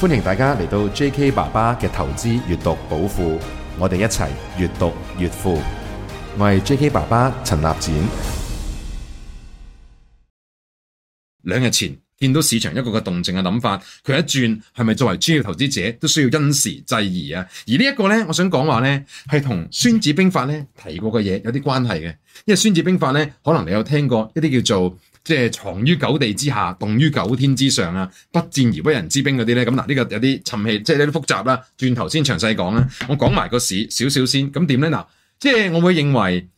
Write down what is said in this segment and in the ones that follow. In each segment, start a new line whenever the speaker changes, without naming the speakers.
歡迎大家嚟到 J.K. 爸爸嘅投資閱讀寶庫，我哋一齊閱讀越富。我係 J.K. 爸爸陳立展。兩日前見到市場一個個動靜嘅諗法，佢一轉係咪作為專業投資者都需要因時制宜啊？而呢一個呢我想講話呢是同《孫子兵法》呢提過嘅嘢有啲關係嘅，因為《孫子兵法》呢可能你有聽過一啲叫做。即係藏於九地之下，動於九天之上啊！不戰而屈人之兵嗰啲咧，咁嗱呢個有啲沉氣，即係有啲複雜啦。轉頭先詳細講啦，我講埋個市少少先。咁點咧嗱？即係我會認為，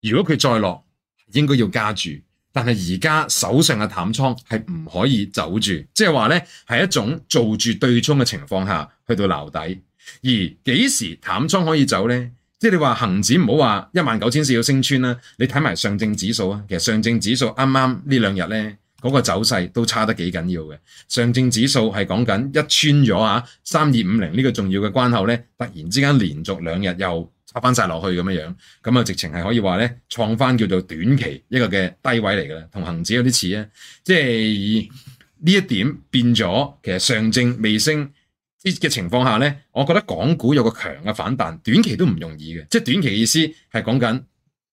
如果佢再落，應該要加住。但係而家手上嘅淡倉係唔可以走住，即係話咧係一種做住對沖嘅情況下去到樓底。而幾時淡倉可以走咧？即係你話恒指唔好話一萬九千四要 19, 升穿啦，你睇埋上證指數啊，其實上證指數啱啱呢兩日咧嗰個走勢都差得幾緊要嘅。上證指數係講緊一穿咗啊三二五零呢個重要嘅關口咧，突然之間連續兩日又插翻晒落去咁樣樣，咁啊直情係可以話咧，創翻叫做短期一個嘅低位嚟嘅啦，同恒指有啲似啊。即係呢一點變咗，其實上證未升。呢嘅情況下呢，我覺得港股有個強嘅反彈，短期都唔容易嘅，即短期嘅意思係講緊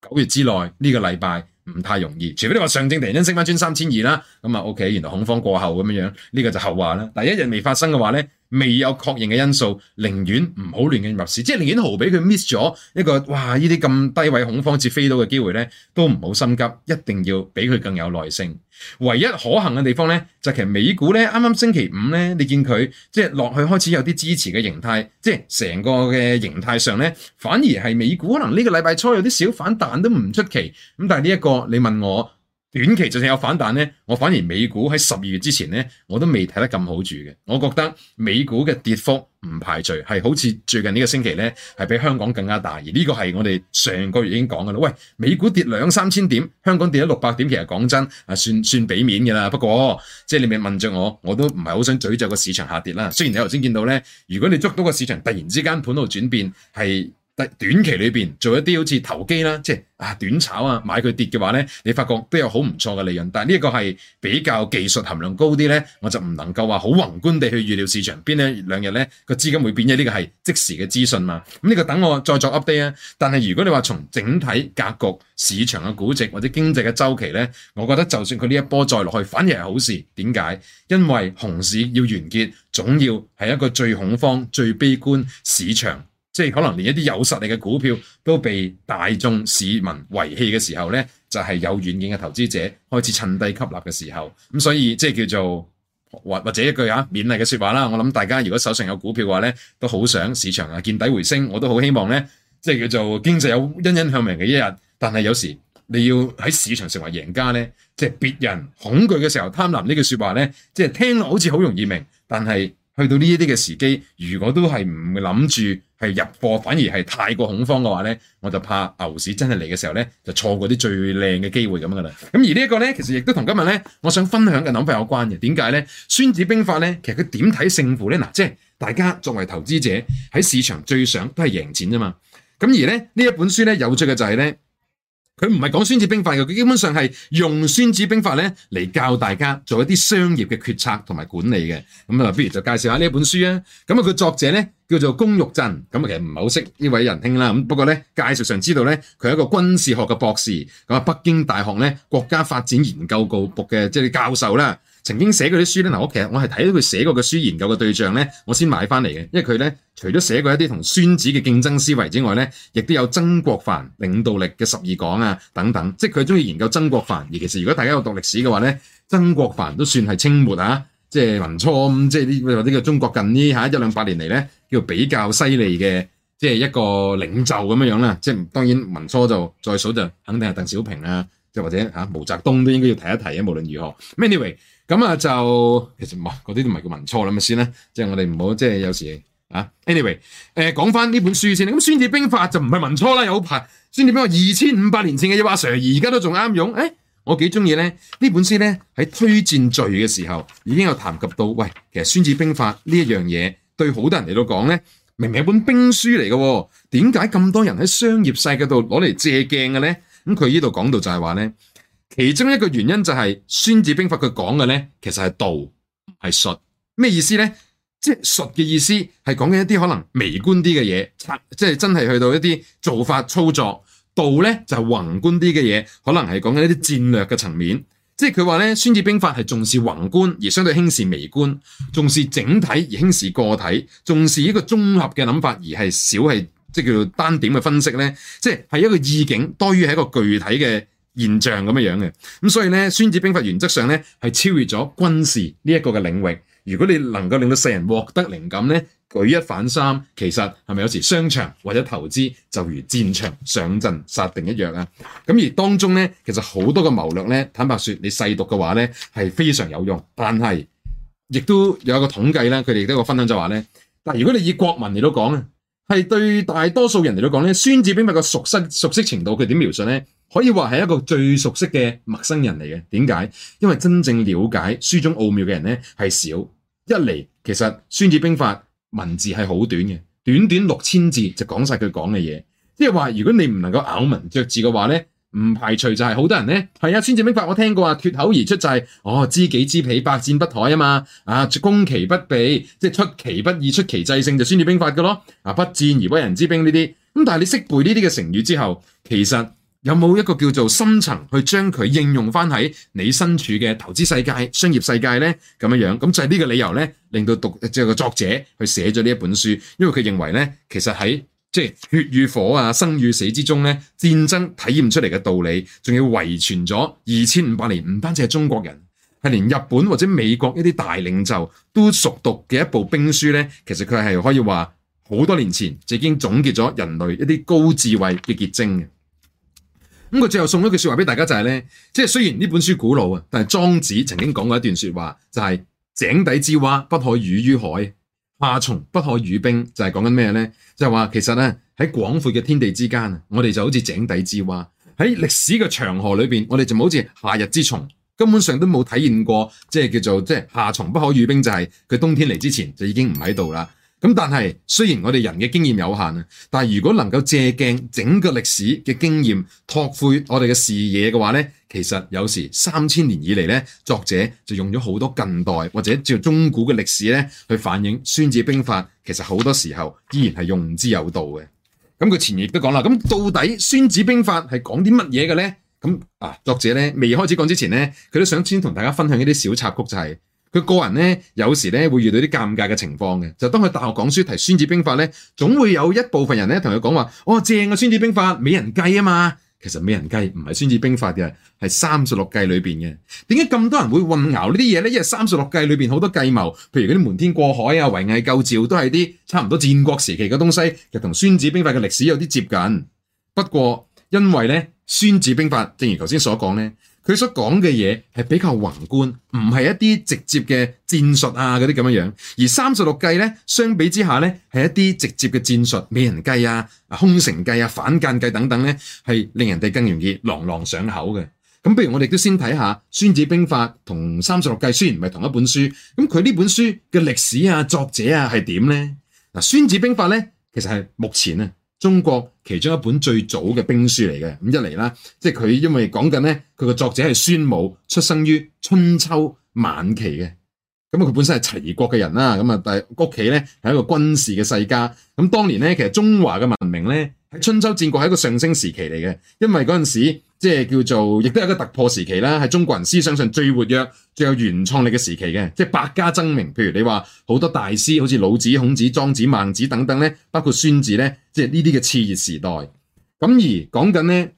九月之內呢、這個禮拜唔太容易，除非你話上證突然間升翻轉三千二啦，咁啊 OK，原來恐慌過後咁樣呢、這個就後話啦。但一日未發生嘅話呢。未有確認嘅因素，寧願唔好亂咁入市，即係寧願毫俾佢 miss 咗一個哇！呢啲咁低位恐慌至飛到嘅機會咧，都唔好心急，一定要俾佢更有耐性。唯一可行嘅地方咧，就其實美股咧，啱啱星期五咧，你見佢即係落去開始有啲支持嘅形態，即係成個嘅形態上咧，反而係美股可能呢個禮拜初有啲小反彈都唔出奇。咁但係呢一個你問我。短期就算有反彈呢，我反而美股喺十二月之前呢，我都未睇得咁好住嘅。我覺得美股嘅跌幅唔排除，係好似最近呢個星期呢，係比香港更加大。而呢個係我哋上個月已經講噶啦。喂，美股跌兩三千點，香港跌咗六百點，其實講真啊，算算俾面噶啦。不過即係、就是、你咪問住我，我都唔係好想詛咒個市場下跌啦。雖然你頭先見到呢，如果你捉到個市場突然之間盤路轉變係。但短期裏面做一啲好似投機啦，即係啊短炒啊，買佢跌嘅話咧，你發覺都有好唔錯嘅利潤。但呢個係比較技術含量高啲咧，我就唔能夠話好宏觀地去預料市場邊呢兩日咧個資金會變嘅。呢個係即時嘅資訊嘛。咁呢個等我再作 update 啊。但係如果你話從整體格局、市場嘅估值或者經濟嘅周期咧，我覺得就算佢呢一波再落去，反而係好事。點解？因為熊市要完結，總要係一個最恐慌、最悲觀市場。即係可能連一啲有實力嘅股票都被大眾市民遺棄嘅時候呢就係、是、有遠見嘅投資者開始趁低吸納嘅時候。咁所以即係叫做或或者一句啊，勉勵嘅說話啦。我諗大家如果手上有股票嘅話呢，都好想市場啊見底回升。我都好希望呢，即係叫做經濟有欣欣向榮嘅一日。但係有時你要喺市場成為贏家呢，即係別人恐懼嘅時候貪婪呢句說話呢，即係聽落好似好容易明，但係。去到呢一啲嘅時機，如果都係唔會諗住係入貨，反而係太過恐慌嘅話咧，我就怕牛市真係嚟嘅時候咧，就錯過啲最靚嘅機會咁噶啦。咁而呢一個咧，其實亦都同今日咧，我想分享嘅諗法有關嘅。點解咧？《孫子兵法》咧，其實佢點睇勝負咧？嗱，即係大家作為投資者喺市場最想都係贏錢啫嘛。咁而咧呢一本書咧有趣嘅就係咧。佢唔係講孫子兵法嘅，佢基本上係用孫子兵法咧嚟，教大家做一啲商業嘅決策同埋管理嘅。咁啊，不如就介紹下呢一本書啊。咁啊，佢作者咧叫做宮玉振，咁啊，其實唔係好識呢位仁兄啦。咁不過咧，介紹上知道咧，佢係一個軍事學嘅博士，咁啊，北京大學咧國家發展研究告部嘅即係教授啦。曾經寫過啲書咧，嗱我其實我係睇到佢寫過嘅書，研究嘅對象咧，我先買翻嚟嘅。因為佢咧除咗寫過一啲同孫子嘅競爭思維之外咧，亦都有曾國藩領導力嘅十二講啊等等。即係佢中意研究曾國藩。而其實如果大家有讀歷史嘅話咧，曾國藩都算係清末啊，即係民初咁，即係呢個中國近呢嚇一兩百年嚟咧，叫比較犀利嘅，即係一個領袖咁樣樣啦。即係當然民初就再數就肯定係鄧小平啊，即係或者嚇毛澤東都應該要提一提啊，無論如何，anyway。咁啊，就其實唔係嗰啲都唔係叫文錯啦，咪先啦。即係我哋唔好即係有時啊。anyway，誒講返呢本書先。咁《孫子兵法》就唔係文錯啦，有排《孫子兵法》二千五百年前嘅一筆書，而、啊、家都仲啱用。誒、欸，我幾中意咧呢本書咧喺推薦序嘅時候已經有談及到。喂，其實《孫子兵法》呢一樣嘢對好多人嚟到講咧，明明係一本兵書嚟嘅，點解咁多人喺商業世界度攞嚟借鏡嘅咧？咁佢呢度講到就係話咧。其中一個原因就係《孫子兵法》，佢講嘅咧，其實係道係術，咩意思咧？即係術嘅意思係講緊一啲可能微觀啲嘅嘢，即係真係去到一啲做法操作；道咧就係宏觀啲嘅嘢，可能係講緊一啲戰略嘅層面。即係佢話咧，《孫子兵法》係重視宏觀而相對輕視微觀，重視整體而輕視個體，重視一個綜合嘅諗法而係少係即係叫做單點嘅分析咧，即係係一個意境多於係一個具體嘅。現象咁樣樣嘅，咁所以咧《孫子兵法》原則上咧係超越咗軍事呢一個嘅領域。如果你能夠令到世人獲得靈感咧，舉一反三，其實係咪有時商場或者投資就如戰場上陣殺敵一樣啊？咁而當中咧，其實好多嘅謀略咧，坦白說你細讀嘅話咧係非常有用，但係亦都有一個統計啦。佢哋都有一個分享就話咧，但如果你以國民嚟到講啊，係對大多數人嚟到講咧，《孫子兵法》嘅熟悉熟悉程度，佢點描述咧？可以話係一個最熟悉嘅陌生人嚟嘅。點解？因為真正了解書中奧妙嘅人呢係少。一嚟，其實《孫子兵法》文字係好短嘅，短短六千字就講晒佢講嘅嘢。即係話，就是、如果你唔能夠咬文嚼字嘅話呢，唔排除就係好多人呢。係啊《孫子兵法》我聽過啊，脫口而出就係哦，知己知彼，百戰不殆啊嘛。啊，攻其不備，即係出其不意、出其制勝就《孫子兵法》㗎咯。啊，不戰而屈人之兵呢啲。咁但係你識背呢啲嘅成語之後，其實。有冇一個叫做深層去將佢應用翻喺你身處嘅投資世界、商業世界呢？咁樣樣咁就係呢個理由呢，令到讀即係、個作者去寫咗呢一本書。因為佢認為呢，其實喺即係血與火啊、生與死之中呢，戰爭體驗出嚟嘅道理，仲要遺傳咗二千五百年。唔單止係中國人，係連日本或者美國一啲大領袖都熟讀嘅一部兵書呢，其實佢係可以話好多年前就已經總結咗人類一啲高智慧嘅結晶。咁佢最後送咗句說話俾大家就係呢，即係雖然呢本書古老啊，但是莊子曾經講過一段說話就係「井底之蛙不可語於海，夏蟲不可語冰」就係講緊咩呢？就係話其實呢，喺廣闊嘅天地之間，我哋就好似井底之蛙；喺歷史嘅長河裏邊，我哋就好似夏日之蟲，根本上都冇體驗過即係叫做即係夏蟲不可語冰，就係佢冬天嚟之前就已經唔喺度啦。咁但係雖然我哋人嘅經驗有限，但如果能夠借鏡整個歷史嘅經驗，拓闊我哋嘅視野嘅話呢，其實有時三千年以來，呢作者就用咗好多近代或者叫中古嘅歷史呢去反映《孫子兵法》，其實好多時候依然係，用之有道嘅。咁佢前亦都講啦，咁到底《孫子兵法》係講啲乜嘢嘅呢？咁啊，作者呢未開始講之前呢，佢都想先同大家分享一啲小插曲，就係。佢個人咧，有時咧會遇到啲尷尬嘅情況嘅，就當佢大學講書提《孫子兵法》咧，總會有一部分人咧同佢講話：哦，正啊，《孫子兵法》美人計啊嘛。其實美人計唔係《孫子兵法》嘅，係三十六計裏邊嘅。點解咁多人會混淆呢啲嘢咧？因為三十六計裏邊好多計謀，譬如啲瞞天過海啊、圍魏救趙，都係啲差唔多戰國時期嘅東西，其實同《孫子兵法》嘅歷史有啲接近。不過因為咧，《孫子兵法》正如頭先所講咧。佢所講嘅嘢係比較宏觀，唔係一啲直接嘅戰術啊嗰啲咁樣，而三十六計咧相比之下咧係一啲直接嘅戰術，美人計啊、空城計啊、反間計等等咧係令人哋更容易朗朗上口嘅。咁不如我哋都先睇下《孫子兵法》同《三十六計》，雖然唔係同一本書，咁佢呢本書嘅歷史啊、作者啊係點咧？嗱，《孫子兵法》咧其實係目前啊。中國其中一本最早嘅兵書嚟嘅。咁一嚟啦，即係佢因為講緊咧，佢個作者係孫武，出生於春秋晚期嘅，咁啊佢本身係齊國嘅人啦，咁啊但係屋企咧係一個軍事嘅世家，咁當年咧其實中華嘅文明咧喺春秋戰國係一個上升時期嚟嘅，因為嗰陣時即係叫做亦都係一個突破時期啦，係中國人思想上最活躍最有原創力嘅時期嘅，即百家爭鳴。譬如你話好多大師，好似老子、孔子、莊子、孟子等等呢，包括孫子呢，即係呢啲嘅熾熱時代。咁而講緊呢，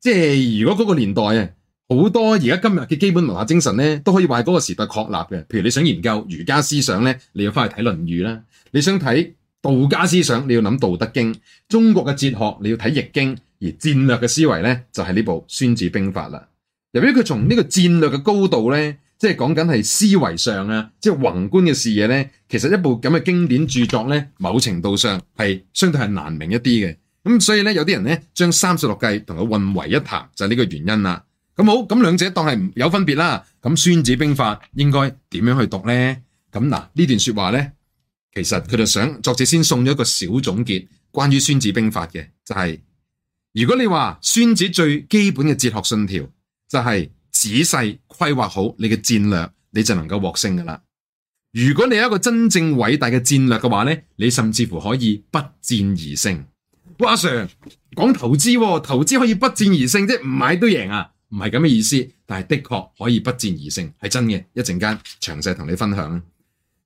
即如果嗰個年代啊，好多而家今日嘅基本文化精神呢，都可以話係嗰個時代確立嘅。譬如你想研究儒家思想呢，你要翻去睇《論語》啦；你想睇道家思想，你要諗《道德經》。中國嘅哲學你要睇《易經》，而戰略嘅思維呢，就係呢部《孫子兵法》啦。由於佢從呢個戰略嘅高度咧，即係講緊係思維上啊，即係宏觀嘅視野咧，其實一部咁嘅經典著作咧，某程度上係相對係難明一啲嘅。咁所以咧，有啲人咧將三十六計同佢混為一談，就係呢個原因啦。咁好，咁兩者當係有分別啦。咁《孫子兵法》應該點樣去讀咧？咁嗱，呢段說話咧，其實佢就想作者先送咗一個小總結，關於《孫子兵法》嘅，就係如果你話孫子最基本嘅哲學信條。就係仔細規劃好你嘅戰略，你就能夠獲勝噶啦。如果你有一個真正偉大嘅戰略嘅話呢，你甚至乎可以不戰而勝。喂，阿 Sir 講投資喎，投資可以不戰而勝，即唔買都贏啊，唔係咁嘅意思，但係的確可以不戰而勝，係真嘅。一陣間詳細同你分享。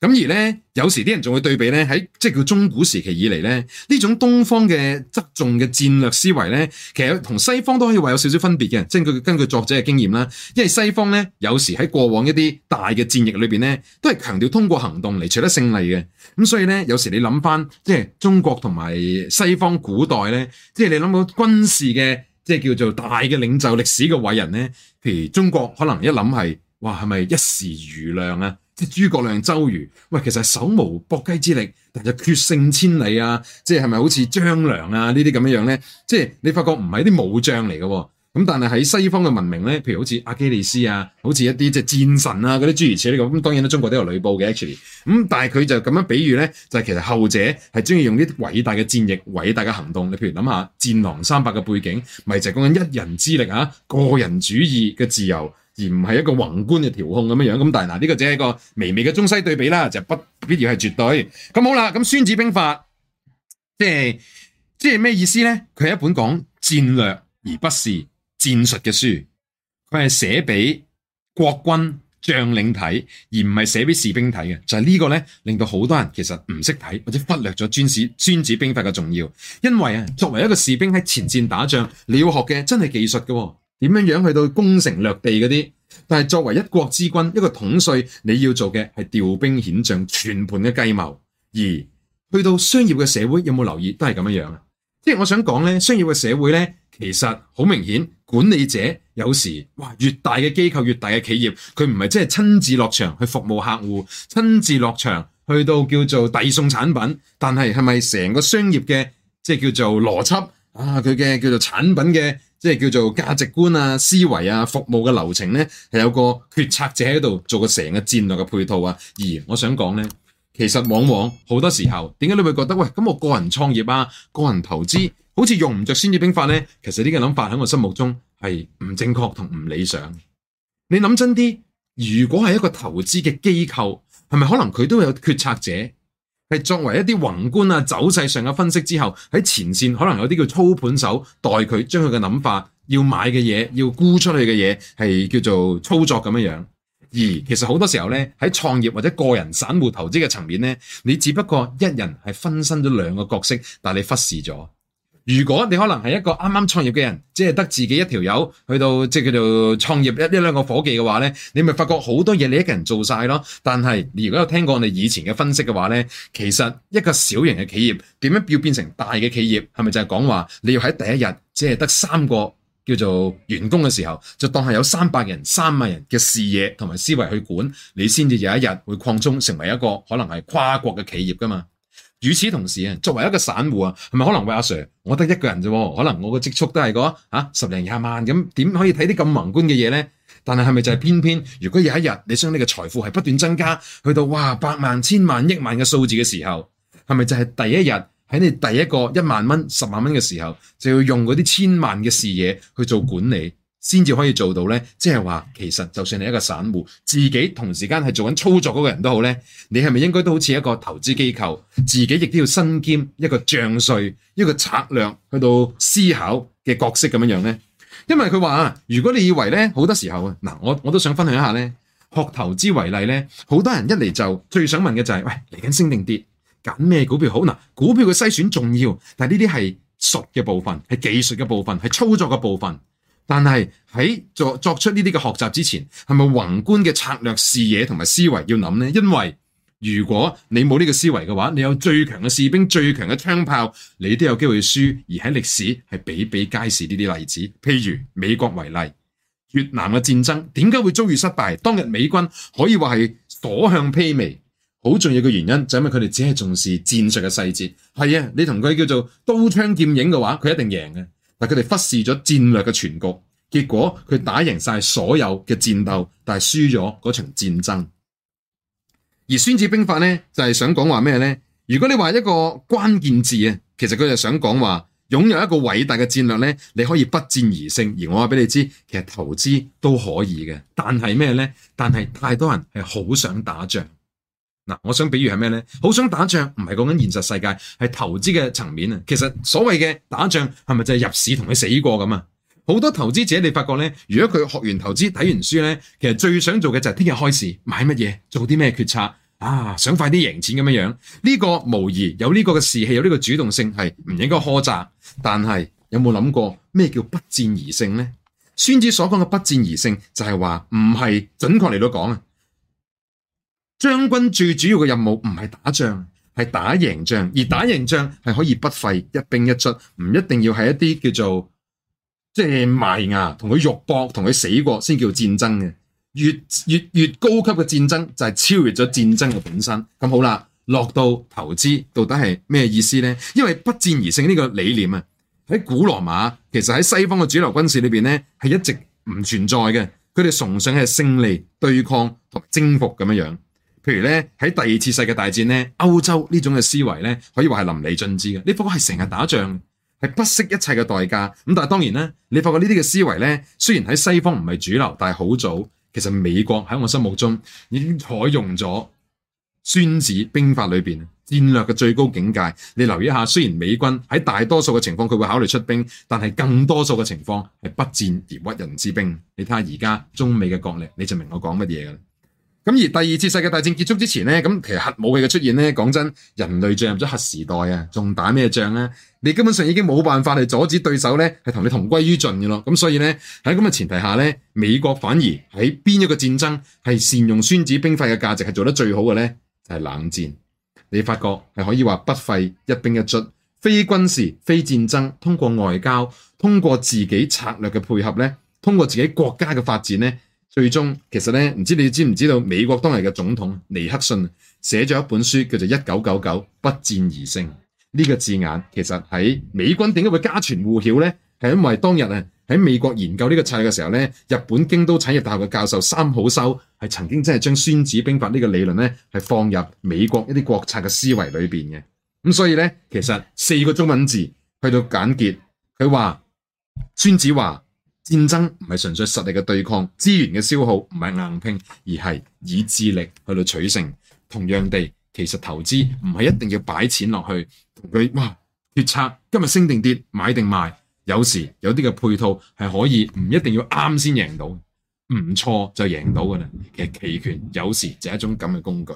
咁而咧，有時啲人仲會對比咧，喺即係叫中古時期以嚟咧，呢種東方嘅側重嘅戰略思維咧，其實同西方都可以話有少少分別嘅。即係佢根據作者嘅經驗啦，因為西方咧有時喺過往一啲大嘅戰役裏邊咧，都係強調通過行動嚟取得勝利嘅。咁所以咧，有時你諗翻即係中國同埋西方古代咧，即係你諗到軍事嘅即係叫做大嘅領袖歷史嘅偉人咧，譬如中國可能一諗係，哇，係咪一時瑜亮啊？即係諸葛亮、周瑜，喂，其實是手無縛雞之力，但就決勝千里啊！即係係咪好似張良啊？這些這樣呢啲咁樣樣咧，即係你發覺唔係啲武將嚟嘅喎。咁但係喺西方嘅文明咧，譬如好似阿基里斯啊，好似一啲即係戰神啊嗰啲諸如此類。咁。當然啦，中國都有呂布嘅，actually。咁但係佢就咁樣比喻咧，就係、是、其實後者係中意用呢啲偉大嘅戰役、偉大嘅行動。你譬如諗下《戰狼300》嘅背景，咪就係講緊一人之力啊，個人主義嘅自由。而唔係一個宏觀嘅調控咁樣樣，咁但嗱，呢個只係一個微微嘅中西對比啦，就不必要係絕對。咁好啦，咁《孫子兵法》即係即係咩意思咧？佢係一本講戰略而不是戰術嘅書。佢係寫俾國軍將領睇，而唔係寫俾士兵睇嘅。就係呢個咧，令到好多人其實唔識睇，或者忽略咗《孫子》《孫子兵法》嘅重要。因為啊，作為一個士兵喺前線打仗，你要學嘅真係技術嘅、哦。點樣樣去到攻城略地嗰啲，但係作為一國之君，一個統帥，你要做嘅係調兵遣將、全盤嘅計謀。而去到商業嘅社會，有冇留意都係咁樣樣。即係我想講呢，商業嘅社會呢，其實好明顯，管理者有時哇，越大嘅機構、越大嘅企業，佢唔係真係親自落場去服務客戶，親自落場去到叫做遞送產品，但係係咪成個商業嘅即係叫做邏輯啊？佢嘅叫做產品嘅。即係叫做價值觀啊、思維啊、服務嘅流程咧，係有個決策者喺度做個成個戰略嘅配套啊。而我想講咧，其實往往好多時候，點解你會覺得喂，咁我個人創業啊、個人投資，好似用唔着孫子兵法咧？其實呢個諗法喺我心目中係唔正確同唔理想。你諗真啲，如果係一個投資嘅機構，係咪可能佢都有決策者？係作為一啲宏觀啊走勢上嘅分析之後，喺前線可能有啲叫操盤手代佢將佢嘅諗法，要買嘅嘢，要沽出去嘅嘢，係叫做操作咁樣。而其實好多時候呢，喺創業或者個人散戶投資嘅層面呢，你只不過一人係分身咗兩個角色，但你忽視咗。如果你可能係一個啱啱創業嘅人，即係得自己一條友去到即係叫做創業一一兩個伙計嘅話呢，你咪發覺好多嘢你一個人做晒咯。但係你如果有聽過我哋以前嘅分析嘅話呢，其實一個小型嘅企業點樣要變成大嘅企業，係咪就係講話你要喺第一日即係得三個叫做員工嘅時候，就當係有三百人、三萬人嘅視野同埋思維去管，你先至有一日會擴充成為一個可能係跨國嘅企業噶嘛？與此同時啊，作為一個散戶啊，係咪可能喂阿 Sir？我得一個人啫，可能我個積蓄都係，那個啊十零廿萬咁，點可以睇啲咁宏觀嘅嘢呢？但係，係咪就係偏偏，如果有一日你將你個財富係不斷增加，去到哇百萬、千萬、億萬嘅數字嘅時候，係咪就係第一日喺你第一個一萬蚊、十萬蚊嘅時候，就要用嗰啲千萬嘅視野去做管理？先至可以做到呢，即係話，其實就算你一個散戶，自己同時間係做緊操作嗰個人都好呢。你係咪應該都好似一個投資機構，自己亦都要身兼一個將帥、一個策略去到思考嘅角色咁樣樣？因為佢話，如果你以為呢，好多時候啊，嗱，我我都想分享一下呢。學投資為例呢，好多人一嚟就最想問嘅就係，喂，嚟緊升定跌，揀咩股票好？嗱，股票嘅篩選重要，但呢啲係術嘅部分，係技術嘅部分，係操作嘅部分。但係喺作作出呢啲嘅學習之前，係咪宏觀嘅策略視野同埋思維要諗呢？因為如果你冇呢個思維嘅話，你有最強嘅士兵、最強嘅槍炮，你都有機會輸。而喺歷史係比比皆是呢啲例子，譬如美國為例，越南嘅戰爭點解會遭遇失敗？當日美軍可以話係所向披靡，好重要嘅原因就係因為佢哋只係重視戰術嘅細節。係啊，你同佢叫做刀槍劍影嘅話，佢一定贏嘅。但佢哋忽視咗戰略嘅全局，結果佢打贏晒所有嘅戰鬥，但係輸咗嗰場戰爭。而《孫子兵法》呢，就係、是、想講話咩呢？如果你話一個關鍵字啊，其實佢就想講話擁有一個偉大嘅戰略呢，你可以不戰而勝。而我話俾你知，其實投資都可以嘅，但係咩呢？但係太多人係好想打仗。我想比喻係咩呢？好想打仗，唔係講緊現實世界，係投資嘅層面啊。其實所謂嘅打仗，係咪就係入市同佢死過咁啊？好多投資者你發覺呢，如果佢學完投資睇完書呢，其實最想做嘅就係聽日開市買乜嘢、做啲咩決策啊？想快啲贏錢咁樣樣，呢、這個無疑有呢個嘅士氣，有呢個主動性係唔應該苛責。但係有冇諗過咩叫不戰而勝呢？孫子所講嘅不戰而勝，就係話唔係準確嚟到講啊。將軍最主要嘅任務唔係打仗，係打贏仗。而打贏仗係可以不費一兵一卒，唔一定要係一啲叫做即係埋牙同佢肉搏、同佢死過先叫戰爭嘅。越越越高級嘅戰爭就係、係、超越咗戰爭嘅本身。咁好啦，落到投資到底係咩意思呢？因為不戰而勝呢個理念啊，喺古羅馬其實喺西方嘅主流軍事裏邊呢，係一直唔存在嘅。佢哋崇尚嘅勝利、對抗同征服咁樣樣。譬如咧喺第二次世界大戰咧，歐洲呢種嘅思維咧，可以話係淋漓盡致嘅。你發覺係成日打仗，係不惜一切嘅代價。咁但係當然咧，你發覺呢啲嘅思維咧，雖然喺西方唔係主流，但係好早其實美國喺我心目中已經採用咗《孫子兵法》裏邊戰略嘅最高境界。你留意一下，雖然美軍喺大多數嘅情況佢會考慮出兵，但係更多數嘅情況係不戰而屈人之兵。你睇下而家中美嘅角力，你就明我講乜嘢啦。咁而第二次世界大戰結束之前呢，咁其實核武器嘅出現呢，講真，人類進入咗核時代啊，仲打咩仗呢？你根本上已經冇辦法去阻止對手呢係同你同歸於盡嘅咯。咁所以呢，喺咁嘅前提下呢，美國反而喺邊一個戰爭係善用孫子兵法嘅價值係做得最好嘅呢？就係冷戰。你發覺係可以話不費一兵一卒，非軍事、非戰爭，通過外交，通過自己策略嘅配合呢，通過自己國家嘅發展呢。最終其實呢，唔知你知唔知道，知不知道美國當日嘅總統尼克遜寫咗一本書，叫做《一九九九不戰而勝》呢，這個字眼。其實喺美軍點解會家傳戶曉呢？係因為當日啊喺美國研究呢個策略嘅時候呢，日本京都產業大學嘅教授三好修係曾經真係將《孫子兵法》呢個理論呢係放入美國一啲國策嘅思維裏面嘅。咁所以呢，其實四個中文字去到簡潔，佢話孫子話。戰爭唔係純粹實力嘅對抗，資源嘅消耗唔係硬拼，而係以智力去到取勝。同樣地，其實投資唔係一定要擺錢落去，同佢哇決策今日升定跌，買定賣。有時有啲嘅配套係可以唔一定要啱先贏到，唔錯就贏到噶啦。其實期權有時就係一種咁嘅工具。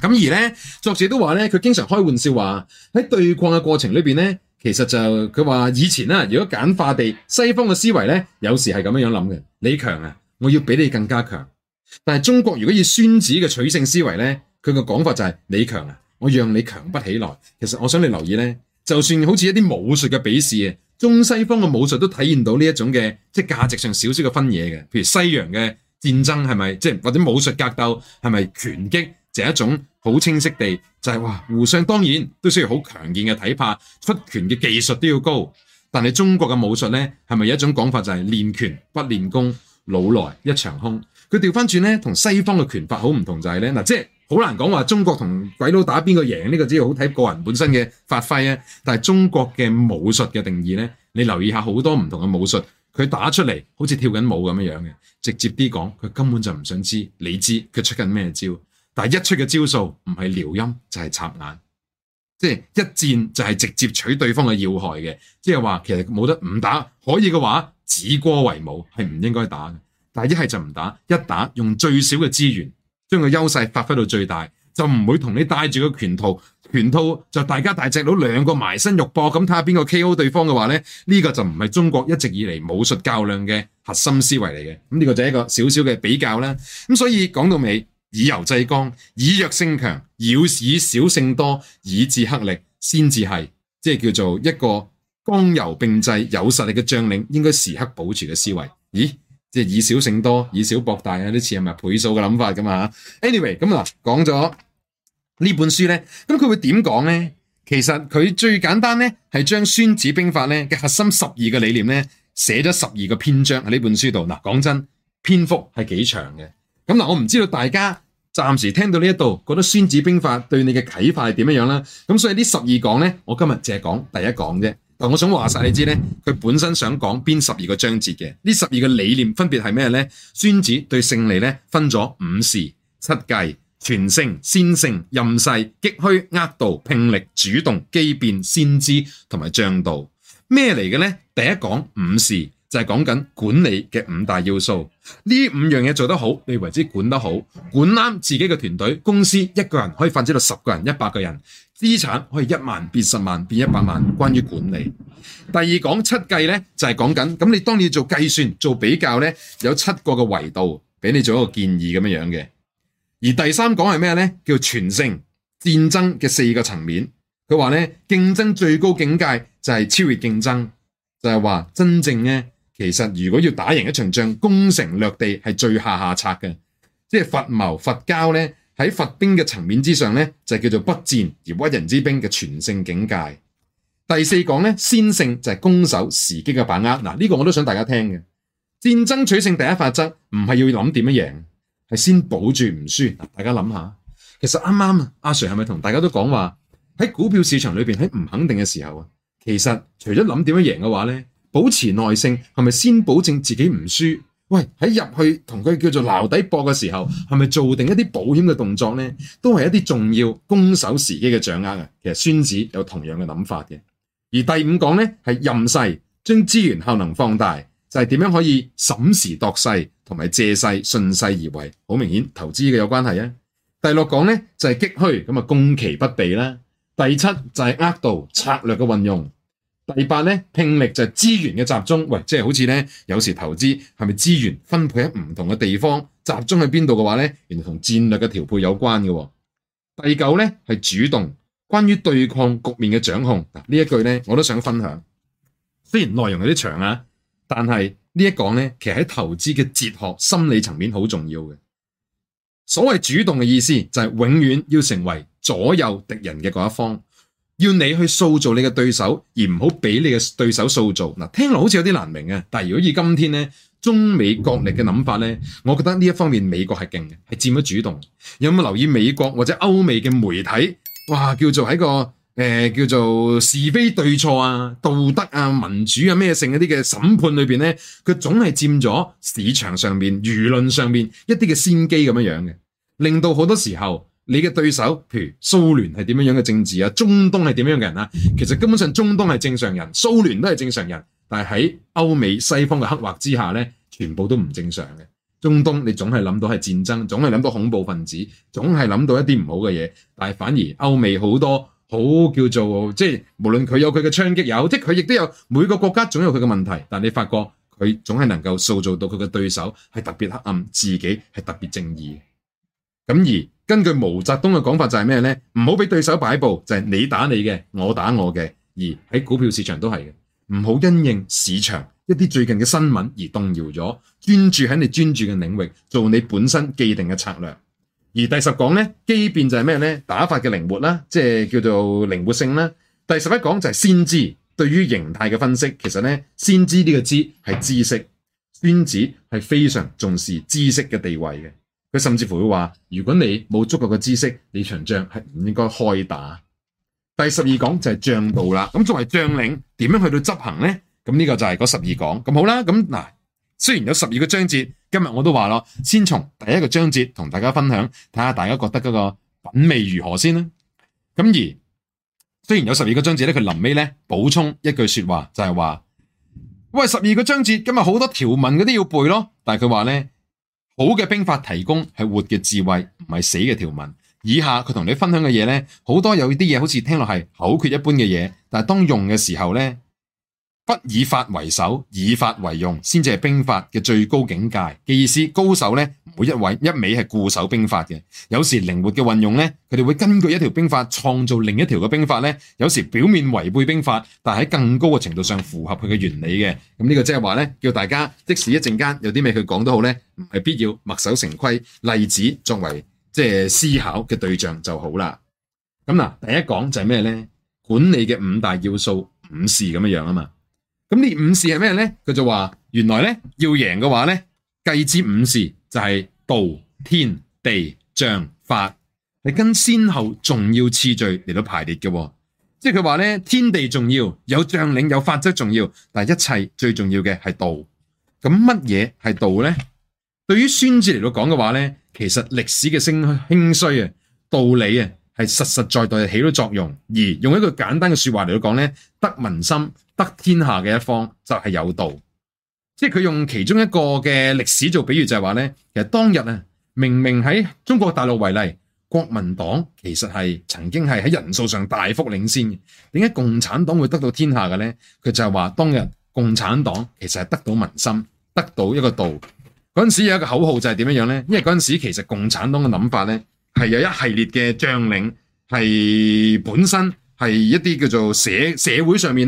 咁而呢，作者都話呢，佢經常開玩笑話喺對抗嘅過程裏面呢，其實就佢話以前啦、啊，如果簡化地西方嘅思維呢，有時係咁樣諗嘅。你強啊，我要比你更加強。但係中國如果以孫子嘅取勝思維呢，佢個講法就係、是：「你強啊，我讓你強不起來。」其實我想你留意呢，就算好似一啲武術嘅比試啊，中西方嘅武術都體現到呢一種嘅即係價值上少少嘅分野嘅。譬如西洋嘅戰爭係咪即或者武術格鬥係咪拳擊？係一種好清晰地，就係、話、哇！互相當然都需要好強健嘅體魄，出拳嘅技術都要高。但係中國嘅武術呢，係咪有一種講法就係練拳不練功，老來一場空？佢調翻轉呢，同西方嘅拳法好唔同就係、是、呢。嗱、啊，即係好難講話中國同鬼佬打邊、這個贏呢個，只要好睇個人本身嘅發揮啊！但係中國嘅武術嘅定義呢，你留意下好多唔同嘅武術，佢打出嚟好似跳緊舞咁樣樣嘅。直接啲講，佢根本就唔想知你知佢出緊咩招。但一出嘅招數唔係撩陰，就係插眼，即係一戰就係直接取對方嘅要害嘅，即係話其實冇得唔打，可以嘅話止戈為武係唔應該打嘅。但係一係就唔打，一打用最少嘅資源將個優勢發揮到最大，就唔會同你帶住個拳套，拳套就大家大隻佬兩個埋身肉搏，咁睇下邊個 KO 對方嘅話咧，呢個就唔係中國一直以嚟武術較量嘅核心思維嚟嘅。咁呢個就係一個少少嘅比較啦。咁所以講到尾。以柔制剛，以弱勝強，以少勝多，以智克力，先至係，即係叫做一個剛柔並濟、有實力嘅將領應該時刻保持嘅思維。咦，即係以少勝多，以小博大啊！呢次係咪倍數嘅諗法噶嘛？Anyway，咁嗱，講咗呢本書咧，咁佢會點講咧？其實佢最簡單咧係將《孫子兵法》咧嘅核心十二個理念咧寫咗十二個篇章喺呢本書度。嗱，講真，篇幅係幾長嘅。咁嗱，我唔知道大家。暫時聽到呢度，覺得《孫子兵法》對你嘅啟發係點樣啦？咁所以呢十二講呢，我今日淨係講第一講啫。但我想話晒，你知呢，佢本身想講邊十二個章節嘅？呢十二個理念分別係咩呢？孫子對勝利呢，分咗五事：七計、全勝、先勝、任勢、擊虛、厄道、拼力、主動、機變、先知同埋將道。咩嚟嘅呢？第一講五事。就係講緊管理嘅五大要素，呢五樣嘢做得好，你為之管得好，管啱自己嘅團隊、公司，一個人可以發展到十個人、一百個人，資產可以一萬變十萬變一百萬。關於管理，第二講七計咧，就係講緊咁你當你做計算、做比較咧，有七個嘅維度俾你做一個建議咁樣樣嘅。而第三講係咩咧？叫全勝戰爭嘅四個層面，佢話咧競爭最高境界就係超越競爭，就係、是、話真正咧。其實如果要打贏一場仗，攻城略地係最下下策嘅，即係伐謀伐交咧，喺伐兵嘅層面之上咧，就叫做不戰而屈人之兵嘅全勝境界。第四講咧，先勝就係攻守時機嘅把握。嗱，呢個我都想大家聽嘅。戰爭取勝第一法則，唔係要諗點樣贏，係先保住唔輸。大家諗下，其實啱啱啊阿 Sir 係咪同大家都講話喺股票市場裏邊喺唔肯定嘅時候啊，其實除咗諗點樣贏嘅話咧？保持耐性，係咪先保證自己唔輸？喂，喺入去同佢叫做撈底搏嘅時候，係咪做定一啲保險嘅動作呢？都係一啲重要攻守時機嘅掌握啊！其實孫子有同樣嘅諗法嘅。而第五講呢，係任勢，將資源效能放大，就係點樣可以審時度勢同埋借勢順勢而為。好明顯，投資嘅有關係啊！第六講呢，就係擊虛，咁啊攻其不備啦。第七就係呃道策略嘅運用。第八呢，拼力就係資源嘅集中，喂，即係好似呢，有時投資係咪資源分配喺唔同嘅地方，集中喺邊度嘅話呢，原來同戰略嘅調配有關嘅，哦。第九呢，係主動，關於對抗局面嘅掌控。呢一句呢，我都想分享。雖然內容有啲長啊，但係呢一講呢，其實喺投資嘅哲學心理層面好重要嘅。所謂主動嘅意思就係永遠要成為左右敵人嘅嗰一方。要你去塑造你嘅對手，而唔好俾你嘅對手塑造。嗱，聽落好似有啲難明啊。但係如果以今天咧中美角力嘅諗法咧，我覺得呢一方面美國係勁嘅，係佔咗主動。有冇留意美國或者歐美嘅媒體？哇，叫做喺個誒、呃、叫做是非對錯啊、道德啊、民主啊咩性嗰啲嘅審判裏邊咧，佢總係佔咗市場上面、輿論上面一啲嘅先機咁樣樣嘅，令到好多時候。你嘅對手，譬如蘇聯係點樣嘅政治啊，中東係點樣嘅人啊？其實根本上中東係正常人，蘇聯都係正常人，但係喺歐美西方嘅刻畫之下呢，全部都唔正常嘅。中東你總係諗到係戰爭，總係諗到恐怖分子，總係諗到一啲唔好嘅嘢，但係反而歐美好多好叫做即係，無論佢有佢嘅槍擊，有即係佢亦都有每個國家總有佢嘅問題，但你發覺佢總係能夠塑造到佢嘅對手係特別黑暗，自己係特別正義。咁而根據毛澤東嘅講法就係咩呢？唔好俾對手擺布，就係你打你嘅，我打我嘅。而喺股票市場都係嘅，唔好因應市場一啲最近嘅新聞而動搖咗，專注喺你專注嘅領域，做你本身既定嘅策略。而第十講呢，機變就係咩呢？打法嘅靈活啦，即係叫做靈活性啦。第十一講就係先知，對於形態嘅分析，其實呢，先知呢個知係知識，孫子係非常重視知識嘅地位嘅。佢甚至乎會話，如果你冇足夠嘅知識，你場仗係唔應該開打。第十二講就係將道啦。咁作為將領，點樣去到執行咧？咁呢個就係嗰十二講。咁好啦，咁嗱，雖然有十二個章節，今日我都話咯，先從第一個章節同大家分享，睇下大家覺得嗰個品味如何先啦，啊。咁而雖然有十二個章節咧，佢臨尾咧補充一句說話，就係、是、話，喂，十二個章節，今日好多條文嗰啲要背咯。但係佢話咧。好嘅，兵法提供係活嘅智慧，唔係死嘅條文。以下佢同你分享嘅嘢呢，好多有啲嘢好似聽落係口訣一般嘅嘢，但係當用嘅時候呢。不以法為首，以法為用，先至係兵法嘅最高境界嘅意思。高手呢，每一位一味係固守兵法嘅，有時靈活嘅運用呢，佢哋會根據一條兵法創造另一條嘅兵法呢，有時表面違背兵法，但係喺更高嘅程度上符合佢嘅原理嘅。咁呢個即係話呢，叫大家即使一陣間有啲咩去講都好呢，唔係必要墨守成規，例子作為即係思考嘅對象就好啦。咁嗱，第一講就係咩呢？管理嘅五大要素，五事咁樣樣啊嘛。咁呢五事係咩咧？佢就話原來咧，要贏嘅話咧，繼之五事就係道、天地、將、法，係跟先後重要次序嚟到排列嘅、哦。即係佢話咧，天地重要，有將領有法則重要，但係一切最重要嘅係道。咁乜嘢係道咧？對於孫子嚟到講嘅話咧，其實歷史嘅興興衰啊，道理啊，係實實在在起到作用。而用一個簡單嘅說話嚟到講咧，得民心，得天下嘅一方就係有道，即係佢用其中一個嘅歷史做比喻，就係話呢。其實當日啊，明明喺中國大陸為例，國民黨其實係曾經係喺人數上大幅領先嘅，點解共產黨會得到天下嘅呢？佢就係話當日共產黨其實係得到民心，得到一個道。嗰陣時有一個口號就係點樣呢？因為嗰陣時其實共產黨嘅諗法呢，係有一系列嘅將領係本身係一啲叫做社社會上面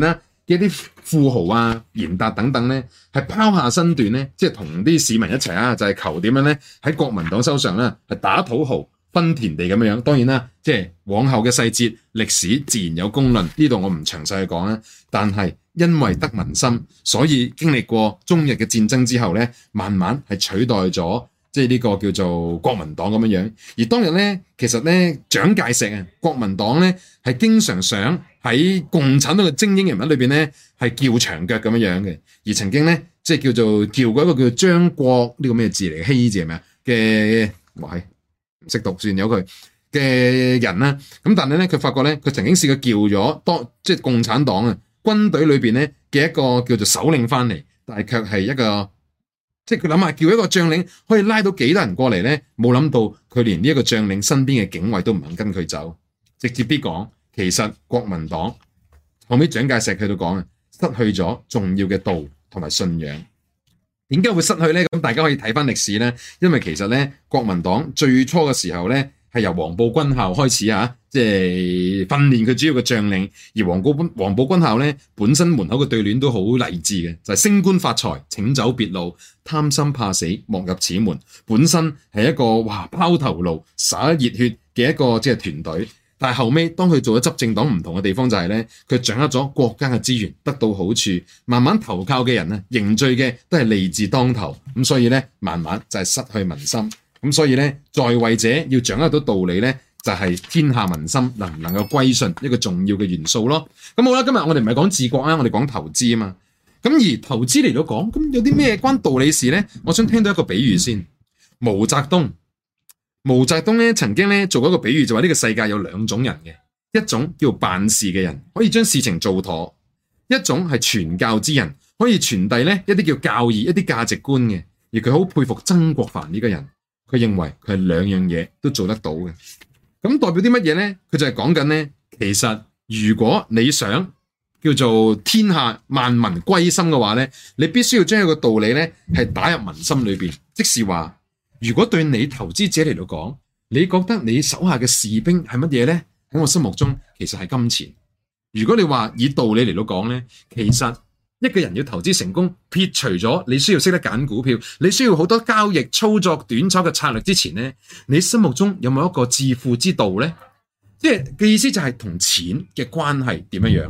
一啲富豪啊、嚴達等等咧，係拋下身段咧，即係同啲市民一齊啊，就係、是、求點樣咧？喺國民黨手上咧，係打土豪分田地咁樣樣。當然啦，即係往後嘅細節歷史自然有公論，呢度我唔詳細去講啦，但係因為得民心，所以經歷過中日嘅戰爭之後咧，慢慢係取代咗即係呢個叫做國民黨咁樣樣，而當日咧，其實咧，蔣介石啊，國民黨咧係經常想。喺共產黨嘅精英人物裏邊咧，係叫長腳咁樣樣嘅，而曾經咧，即係叫做叫過一個叫做張國呢個咩字嚟嘅希字係咪啊嘅位唔識讀算咗佢嘅人啦。咁但係咧，佢發覺咧，佢曾經試過叫咗當即係共產黨啊軍隊裏邊咧嘅一個叫做首領返嚟，但係卻係一個即係佢諗下叫一個將領可以拉到幾多人過嚟咧，冇諗到佢連呢一個將領身邊嘅警衛都唔肯跟佢走，直接啲講。其實國民黨後尾，蔣介石喺度講啊，失去咗重要嘅道同埋信仰。點解會失去咧？咁大家可以睇翻歷史咧，因為其實咧國民黨最初嘅時候咧係由黃埔軍校開始啊，即係訓練佢主要嘅將領。而黃埔軍黃埔軍校咧本身門口嘅對聯都好勵志嘅，就係升官發財請走別路，貪生怕死莫入此門。本身係一個哇拋頭顱灑熱血嘅一個即係團隊。但係後尾，當佢做咗執政黨唔同嘅地方就係咧，佢掌握咗國家嘅資源，得到好處，慢慢投靠嘅人咧，凝聚嘅都係利字當頭，咁所以咧，慢慢就係失去民心，咁所以咧，在位者要掌握到道理咧，就係天下民心能唔能夠歸順一個重要嘅元素咯。咁好啦，今日我哋唔係講治國啊，我哋講投資啊嘛。咁而投資嚟到講，咁有啲咩關道理事咧？我想聽到一個比喻先，毛澤東。毛澤東曾經做過一個比喻，就話呢個世界有兩種人嘅，一種叫辦事嘅人，可以將事情做妥；一種是傳教之人，可以傳遞一啲叫教義、一啲價值觀嘅。而佢好佩服曾國藩呢個人，佢認為佢係兩樣嘢都做得到嘅。咁代表啲乜嘢呢？佢就係講緊：「其實如果你想叫做天下萬民歸心嘅話呢，你必須要將一個道理呢係打入民心裏邊，即是話。如果對你投資者嚟到講，你覺得你手下嘅士兵係乜嘢呢？喺我心目中其實係金錢。如果你話以道理嚟到講呢，其實一個人要投資成功，撇除咗你需要識得揀股票，你需要好多交易操作短炒嘅策略之前呢，你心目中有冇一個致富之道呢？即係嘅意思就係同錢嘅關係點樣樣？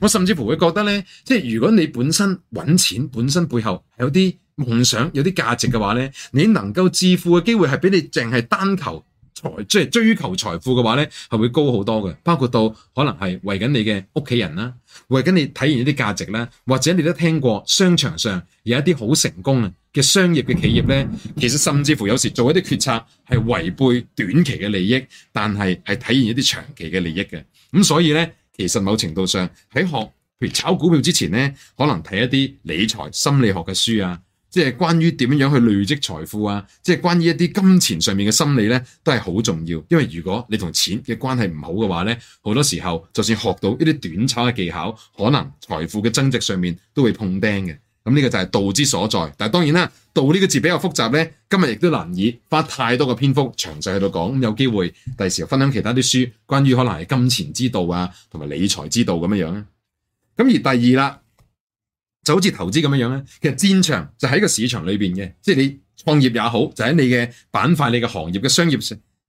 我甚至乎會覺得呢，即係如果你本身搵錢本身背後有啲。夢想有啲價值嘅話呢，你能夠致富嘅機會係比你淨係單求財，即係追求財富嘅話呢係會高好多嘅。包括到可能係為緊你嘅屋企人啦，為緊你體現一啲價值啦，或者你都聽過商場上有一啲好成功嘅商業嘅企業呢，其實甚至乎有時做一啲決策係違背短期嘅利益，但係係體現一啲長期嘅利益嘅。咁所以呢，其實某程度上喺學，譬如炒股票之前呢，可能睇一啲理財心理學嘅書啊。即係關於點樣去累積財富啊！即係關於一啲金錢上面嘅心理咧，都係好重要。因為如果你同錢嘅關係唔好嘅話咧，好多時候就算學到一啲短炒嘅技巧，可能財富嘅增值上面都會碰釘嘅。咁呢個就係道之所在。但係當然啦，道呢個字比較複雜咧，今日亦都難以花太多嘅篇幅詳細喺度講。咁有機會第時分享其他啲書，關於可能係金錢之道啊，同埋理財之道咁樣樣咧。咁而第二啦。就好似投資咁樣樣咧，其實戰場就喺個市場裏邊嘅，即係你創業也好，就喺你嘅板塊、你嘅行業嘅商業，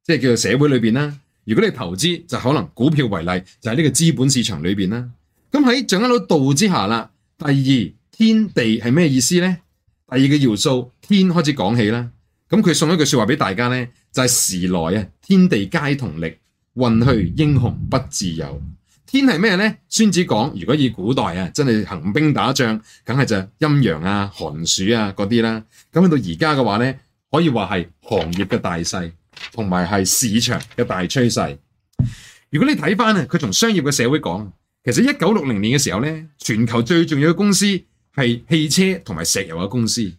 即係叫做社會裏邊啦。如果你投資，就可能股票為例，就喺呢個資本市場裏邊啦。咁喺掌握到道之下啦，第二天地係咩意思咧？第二個要素，天開始講起啦。咁佢送一句説話俾大家咧，就係時來啊，天地皆同力，運去英雄不自由。天係咩呢？孫子講：如果以古代啊，真係行兵打仗，梗係就陰陽啊、寒暑啊嗰啲啦。咁去到而家嘅話呢，可以話係行業嘅大勢，同埋係市場嘅大趨勢。如果你睇返啊，佢從商業嘅社會講，其實一九六零年嘅時候呢，全球最重要嘅公司係汽車同埋石油嘅公司。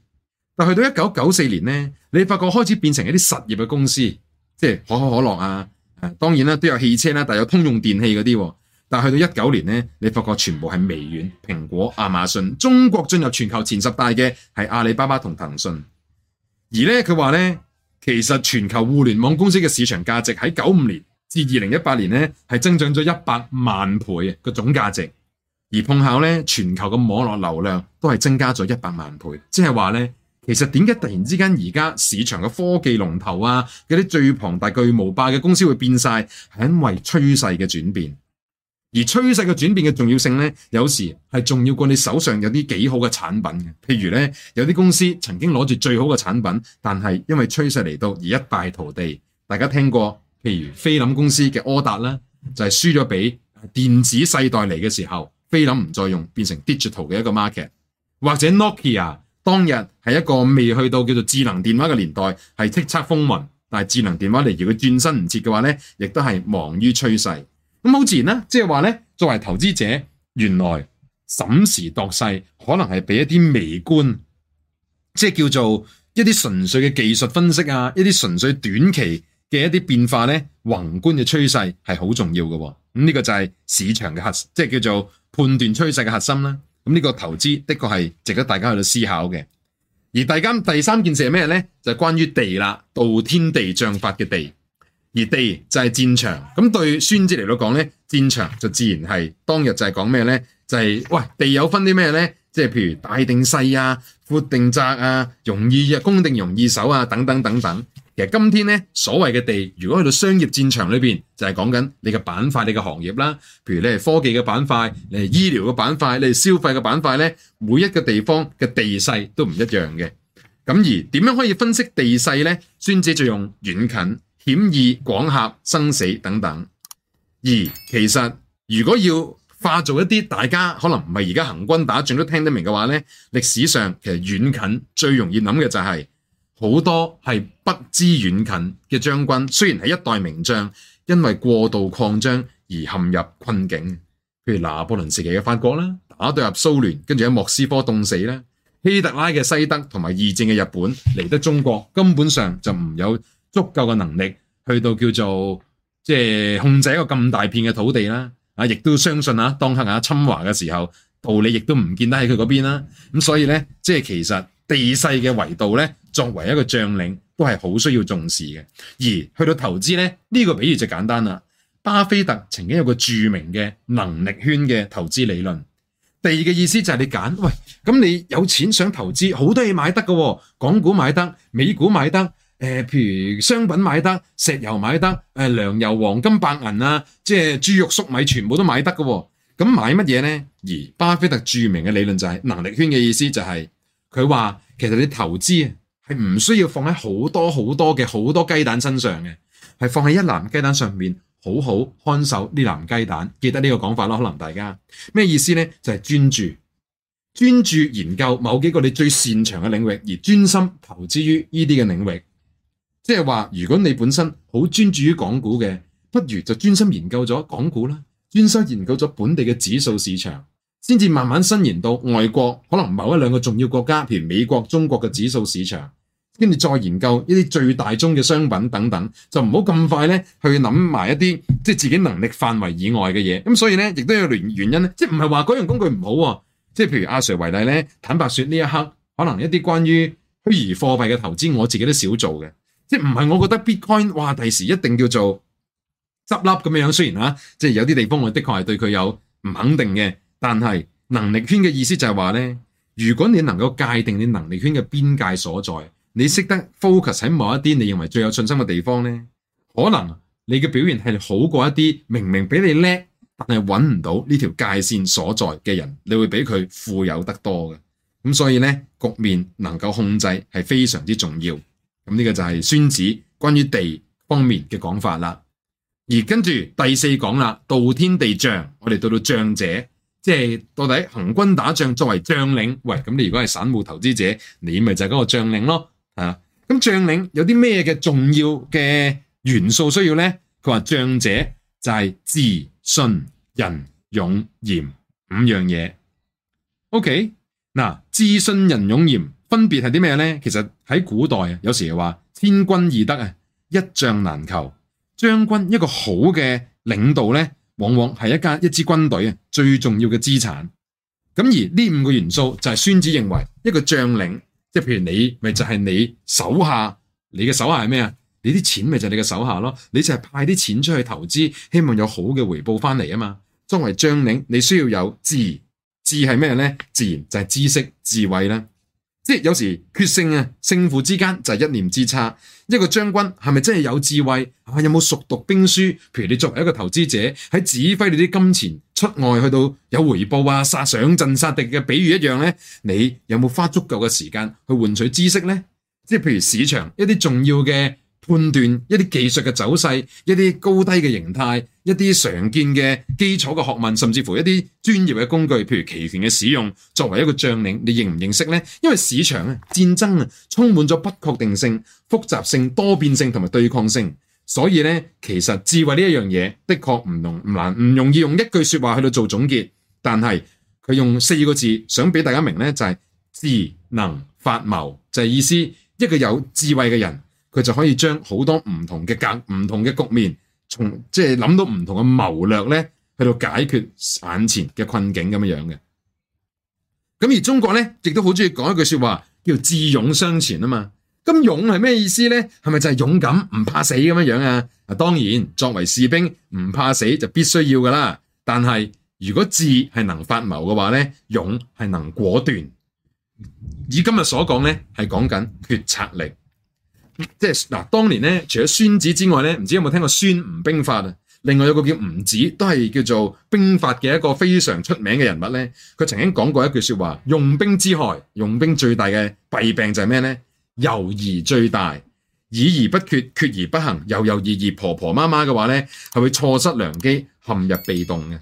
但去到一九九四年呢，你發覺開始變成一啲實業嘅公司，即係可口可樂啊。誒，當然啦，都有汽車啦，但有通用電器嗰啲。但去到一九年呢，你發覺全部係微軟、蘋果、亞馬遜，中國進入全球前十大嘅係阿里巴巴同騰訊。而呢，佢話呢，其實全球互聯網公司嘅市場價值喺九五年至二零一八年呢係增長咗一百萬倍嘅總價值。而碰巧呢，全球嘅網絡流量都係增加咗一百萬倍，即係話呢，其實點解突然之間而家市場嘅科技龍頭啊，嗰啲最龐大巨無霸嘅公司會變晒，係因為趨勢嘅轉變。而趨勢嘅轉變嘅重要性呢，有時係重要過你手上有啲幾好嘅產品嘅。譬如呢，有啲公司曾經攞住最好嘅產品，但係因為趨勢嚟到而一敗塗地。大家聽過，譬如菲林公司嘅柯達啦，就係輸咗俾電子世代嚟嘅時候，菲林唔再用，變成 digital 嘅一個 market。或者 Nokia 當日係一個未去到叫做智能電話嘅年代，係叱咤風雲，但係智能電話嚟，如果轉身唔切嘅話呢，亦都係亡於趨勢。咁好自然啦、啊，即係話咧，作為投資者，原來審時度勢，可能係俾一啲微觀，即係叫做一啲純粹嘅技術分析啊，一啲純粹短期嘅一啲變化咧，宏觀嘅趨勢係好重要嘅、啊。咁、嗯、呢、這個就係市場嘅核，即係叫做判斷趨勢嘅核心啦、啊。咁、嗯、呢、這個投資的確係值得大家去度思考嘅。而第三第三件事係咩咧？就係、關於地啦，道天地將法嘅地。而地就係戰場，咁對孫子嚟到講呢，戰場就自然係當日就係講咩呢？就係，喂，地有分啲咩呢？即係譬如大定細啊、闊定窄啊、容易啊、攻定容易守啊等等等等。其實今天呢，所謂嘅地，如果去到商業戰場裏面，就係講緊你嘅板塊、你嘅行業啦。譬如你係科技嘅板塊，你係醫療嘅板塊，你係消費嘅板塊呢，每一個地方嘅地勢都唔一樣嘅。咁而點樣可以分析地勢呢？孫子就用遠近。險易廣狹生死等等，而其實如果要化做一啲大家可能唔係而家行軍打仗都聽得明嘅話，呢歷史上其實遠近最容易諗嘅就係好多係不知遠近嘅將軍，雖然係一代名將，因為過度擴張而陷入困境。譬如拿破崙時期嘅法國啦，打對入蘇聯，跟住喺莫斯科凍死啦；希特拉嘅西德同埋二戰嘅日本嚟得中國，根本上就唔有。足夠嘅能力去到叫做即係控制一個咁大片嘅土地啦，啊，亦都相信啊，當刻啊侵華嘅時候，道理亦都唔見得喺佢嗰邊啦。咁所以呢，即係其實地勢嘅維度呢，作為一個將領都係好需要重視嘅。而去到投資呢，呢、這個比喻就簡單啦。巴菲特曾經有個著名嘅能力圈嘅投資理論，第二嘅意思就係你揀喂，咁你有錢想投資，好多嘢買得喎，港股買得，美股買得。誒、呃，譬如商品買得，石油買得，誒、呃，糧油、黃金、白銀啊，即係豬肉、粟米，全部都買得嘅喎、哦。咁買乜嘢呢？而巴菲特著名嘅理論就係能力圈嘅意思、就係，就係佢話其實你投資係唔需要放喺好多好多嘅好多雞蛋身上嘅，係放喺一籃雞蛋上面好好看守呢籃雞蛋。記得呢個講法咯，可能大家咩意思呢？就係、係、專注、專注研究某幾個你最擅長嘅領域，而專心投資於呢啲嘅領域。即係話，如果你本身好專注於港股嘅，不如就專心研究咗港股啦，專心研究咗本地嘅指數市場，先至慢慢伸延到外國，可能某一兩個重要國家，譬如美國、中國嘅指數市場，跟住再研究一啲最大宗嘅商品等等，就唔好咁快咧去諗埋一啲即係自己能力範圍以外嘅嘢。咁所以咧，亦都有原因咧，即係唔係話嗰樣工具唔好喎啊。即係譬如阿 Sir 為例咧，坦白說呢一刻，可能一啲關於虛擬貨幣嘅投資，我自己都少做嘅。即係唔係？我覺得 Bitcoin 話第時一定叫做執笠咁樣樣。雖然啊，即係有啲地方，我的確係對佢有唔肯定嘅。但係能力圈嘅意思就係話咧，如果你能夠界定你能力圈嘅邊界所在，你識得 focus 喺某一啲你認為最有信心嘅地方咧，可能你嘅表現係好過一啲明明比你叻但係搵唔到呢條界線所在嘅人，你會比佢富有得多嘅。咁所以咧，局面能夠控制係非常之重要。咁、這、呢個就係孫子關於地方面嘅講法啦，而跟住第四講啦，道天地將，我哋到到將者，即係到底行軍打仗作為將領，喂，咁你如果係散戶投資者，你咪就係嗰個將領咯，啊，咁將領有啲咩嘅重要嘅元素需要咧？佢話將者就係智、信、仁、勇、嚴五樣嘢。O K，嗱，智、信、仁、勇、嚴分別係啲咩咧？其實。喺古代，有時又話千軍易得啊，一將難求。將軍一個好嘅領導呢，往往係一家一支軍隊啊最重要嘅資產。咁而呢五個元素就係孫子認為一個將領，即譬如你，咪就係、是、你手下，你嘅手下係咩啊？你啲錢咪就係你嘅手下咯。你就係派啲錢出去投資，希望有好嘅回報翻嚟啊嘛。作為將領，你需要有智，智係咩呢？自然就係知識、智慧啦。即係有時決勝啊，勝負之間就係一念之差。一個將軍係咪真係有智慧？啊，有冇熟讀兵書？譬如你作為一個投資者，喺指揮你啲金錢出外去到有回報啊，殺上陣殺敵嘅比喻一樣咧，你有冇花足夠嘅時間去換取知識咧？即係譬如市場一啲重要嘅。判斷一啲技術嘅走勢，一啲高低嘅形態，一啲常見嘅基礎嘅學問，甚至乎一啲專業嘅工具，譬如期權嘅使用，作為一個將領，你認唔認識呢？因為市場啊，戰爭啊，充滿咗不確定性、複雜性、多變性同埋對抗性，所以呢，其實智慧呢一樣嘢的確唔容唔難，唔容易用一句說話去到做總結。但係佢用四個字想俾大家明呢，就係智能發謀，就係意思一個有智慧嘅人。佢就可以將好多唔同嘅格、唔同嘅局面，從即係諗到唔同嘅謀略咧，去到解決眼前嘅困境咁樣樣嘅。咁而中國咧，亦都好中意講一句說話，叫智勇雙全啊嘛。咁勇係咩意思咧？係咪就係勇敢唔怕死咁樣樣啊？啊當然，作為士兵唔怕死就必須要噶啦。但係如果智係能發謀嘅話咧，勇係能果斷。以今日所講咧，係講緊決策力。即係嗱，當年咧，除咗孫子之外咧，唔知有冇聽過孫吳兵法啊？另外有個叫吳子，都係叫做兵法嘅一個非常出名嘅人物咧。佢曾經講過一句說話：用兵之害，用兵最大嘅弊病就係咩咧？猶豫最大，以而不決，決而不行，猶猶豫豫，婆婆媽媽嘅話咧，係會錯失良機，陷入被動嘅。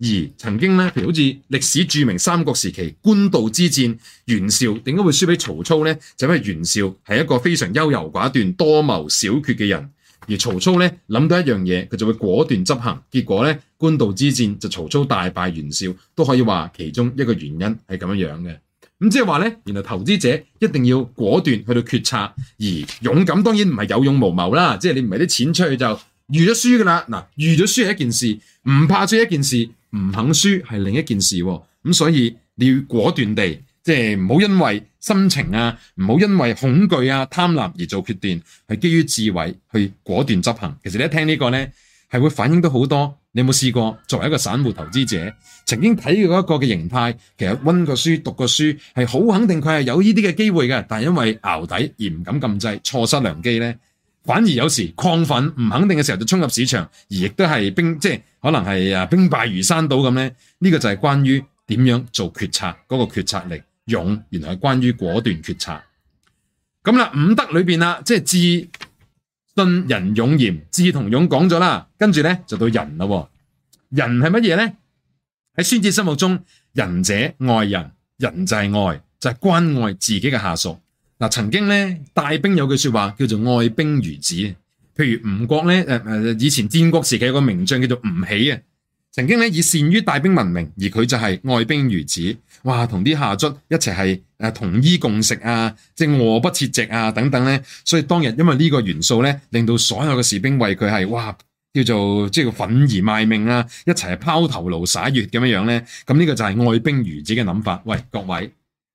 而曾經呢，譬如好似歷史著名三國時期官渡之戰，袁紹點解會輸俾曹操呢？就因為袁紹係一個非常優柔寡斷、多謀少決嘅人，而曹操呢，諗到一樣嘢，佢就會果斷執行。結果呢，官渡之戰就曹操大敗袁紹，都可以話其中一個原因係咁樣嘅。咁即係話呢，原來投資者一定要果斷去到決策，而勇敢當然唔係有勇無謀啦，即係你唔係啲錢出去就預咗輸噶啦。嗱，預咗輸係一件事，唔怕輸係一件事。唔肯輸係另一件事啊，咁所以你要果斷地，即係唔好因為心情啊，唔好因為恐懼啊、貪婪而做決定，係基於智慧去果斷執行。其實你一聽呢個咧，係會反映到好多。你有冇試過作為一個散戶投資者，曾經睇過一個嘅形態，其實溫過書、讀過書，係好肯定佢係有呢啲嘅機會嘅，但係因為淆底而唔敢撳掣，錯失良機咧？反而有時亢奮唔肯定嘅時候就衝入市場，而亦都係兵即係可能係啊兵敗如山倒咁咧。呢、這個就係關於點樣做決策嗰、那個決策力勇，原來係關於果斷決策。咁啦，五德裏邊啦，即係智、信、仁、勇、嚴。智同勇講咗啦，跟住咧就到仁咯。仁係乜嘢咧？喺孫子心目中，仁者愛人，仁就係愛就係、是、關愛自己嘅下屬。曾經咧，帶兵有句說話叫做愛兵如子。譬如吳國咧，以前戰國時期有個名將叫做吳起啊。曾經咧，以善於帶兵聞名，而佢就係愛兵如子。哇，夏同啲下卒一齊係同衣共食啊，即係臥不設席啊，等等咧。所以當日因為呢個元素咧，令到所有嘅士兵為佢係哇，叫做即係奮而賣命啊，一齊拋頭顱灑血咁樣呢咧。咁呢個就係愛兵如子嘅諗法。喂，各位。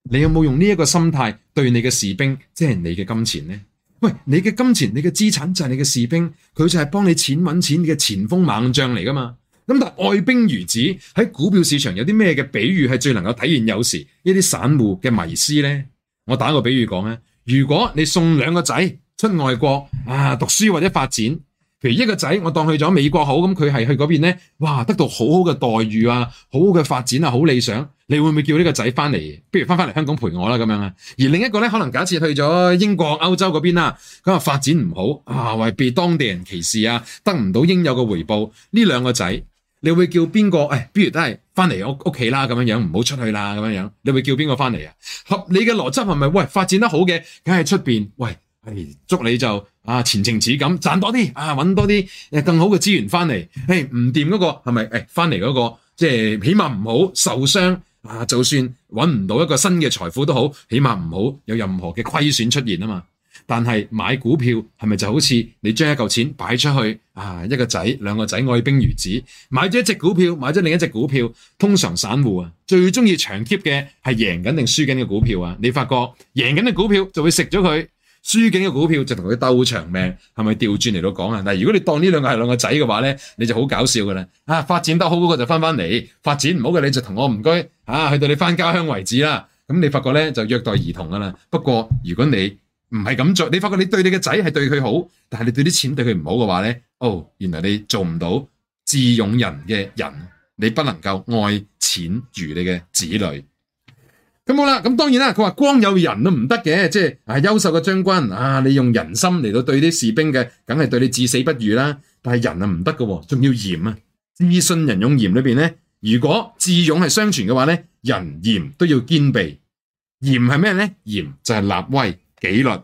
你有冇有用呢個心態對你嘅士兵，即係你嘅金錢呢？喂，你嘅金錢、你嘅資產就係你嘅士兵，佢就係幫你錢搵錢嘅前鋒猛將嚟㗎嘛。咁但愛兵如子喺股票市場有啲咩嘅比喻係最能夠體現有時呢啲散戶嘅迷思呢？我打個比喻講咧，如果你送兩個仔出外國啊讀書或者發展。譬如一個仔，我當去咗美國好，咁佢係去嗰邊呢，哇，得到好好嘅待遇啊，好好嘅發展啊，好理想。你會唔會叫呢個仔翻嚟？不如翻翻嚟香港陪我啦，咁樣啊。而另一個呢，可能假設去咗英國、歐洲嗰邊啦，咁啊發展唔好啊，為、哎、避當地人歧視啊，得唔到應有嘅回報。呢兩個仔，你會叫邊個？誒、哎，不如都係翻嚟屋屋企啦，咁樣樣唔好出去啦，咁樣樣。你會叫邊個翻嚟啊？合理嘅邏輯係咪？喂，發展得好嘅，梗係出邊喂。哎、祝你就啊，前程似錦，賺多啲啊，搵多啲誒、啊、更好嘅資源翻嚟。誒、哎，唔掂嗰個係咪？誒，翻嚟嗰個即係、就是、起碼唔好受傷啊。就算搵唔到一個新嘅財富都好，起碼唔好有任何嘅虧損出現啊嘛。但係買股票係咪就好似你將一嚿錢擺出去啊？一個仔兩個仔愛兵如子，買咗一隻股票，買咗另一隻股票。通常散戶啊，最中意長 keep 嘅係贏緊定輸緊嘅股票啊。你發覺贏緊嘅股票就會食咗佢。輸緊嘅股票就同佢鬥長命，係咪調轉嚟都講啊？但係如果你當呢兩個係兩個仔嘅話呢，你就好搞笑㗎啦。啊，發展得好嗰個就返返嚟，發展唔好嘅你就同我唔該，啊去到你返家鄉為止啦。咁你發覺呢，就虐待兒童㗎啦。不過如果你唔係咁做，你發覺你對你嘅仔係對佢好，但係你對啲錢對佢唔好嘅話呢，哦，原來你做唔到智勇人嘅人，你不能夠愛錢如你嘅子女。咁好啦，咁當然啦，佢話光有人都唔得嘅，即係啊優秀嘅將軍啊，你用人心嚟到對啲士兵嘅，梗係對你至死不渝啦。但係人啊唔得嘅，仲要嚴啊。智信仁勇嚴裏邊咧，如果智勇係雙全嘅話咧，仁嚴都要兼備。嚴係咩咧？嚴就係立威紀律。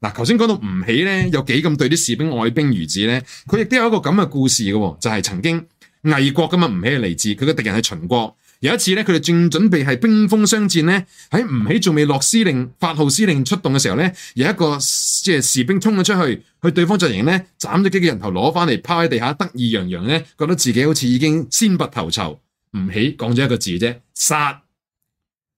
嗱，頭先講到吳起咧，有幾咁對啲士兵愛兵如子咧，佢亦都有一個咁嘅故事嘅，就係、是、曾經魏國咁啊，吳起嚟自佢嘅敵人係秦國。有一次呢佢哋正準備係兵鋒相戰呢，喺吳起仲未落司令發號施令出動嘅時候呢，有一個即士兵衝咗出去，去對方陣營呢斬咗幾個人頭攞返嚟，趴喺地下得意洋洋呢，覺得自己好似已經先拔頭籌。吳起講咗一個字啫，殺！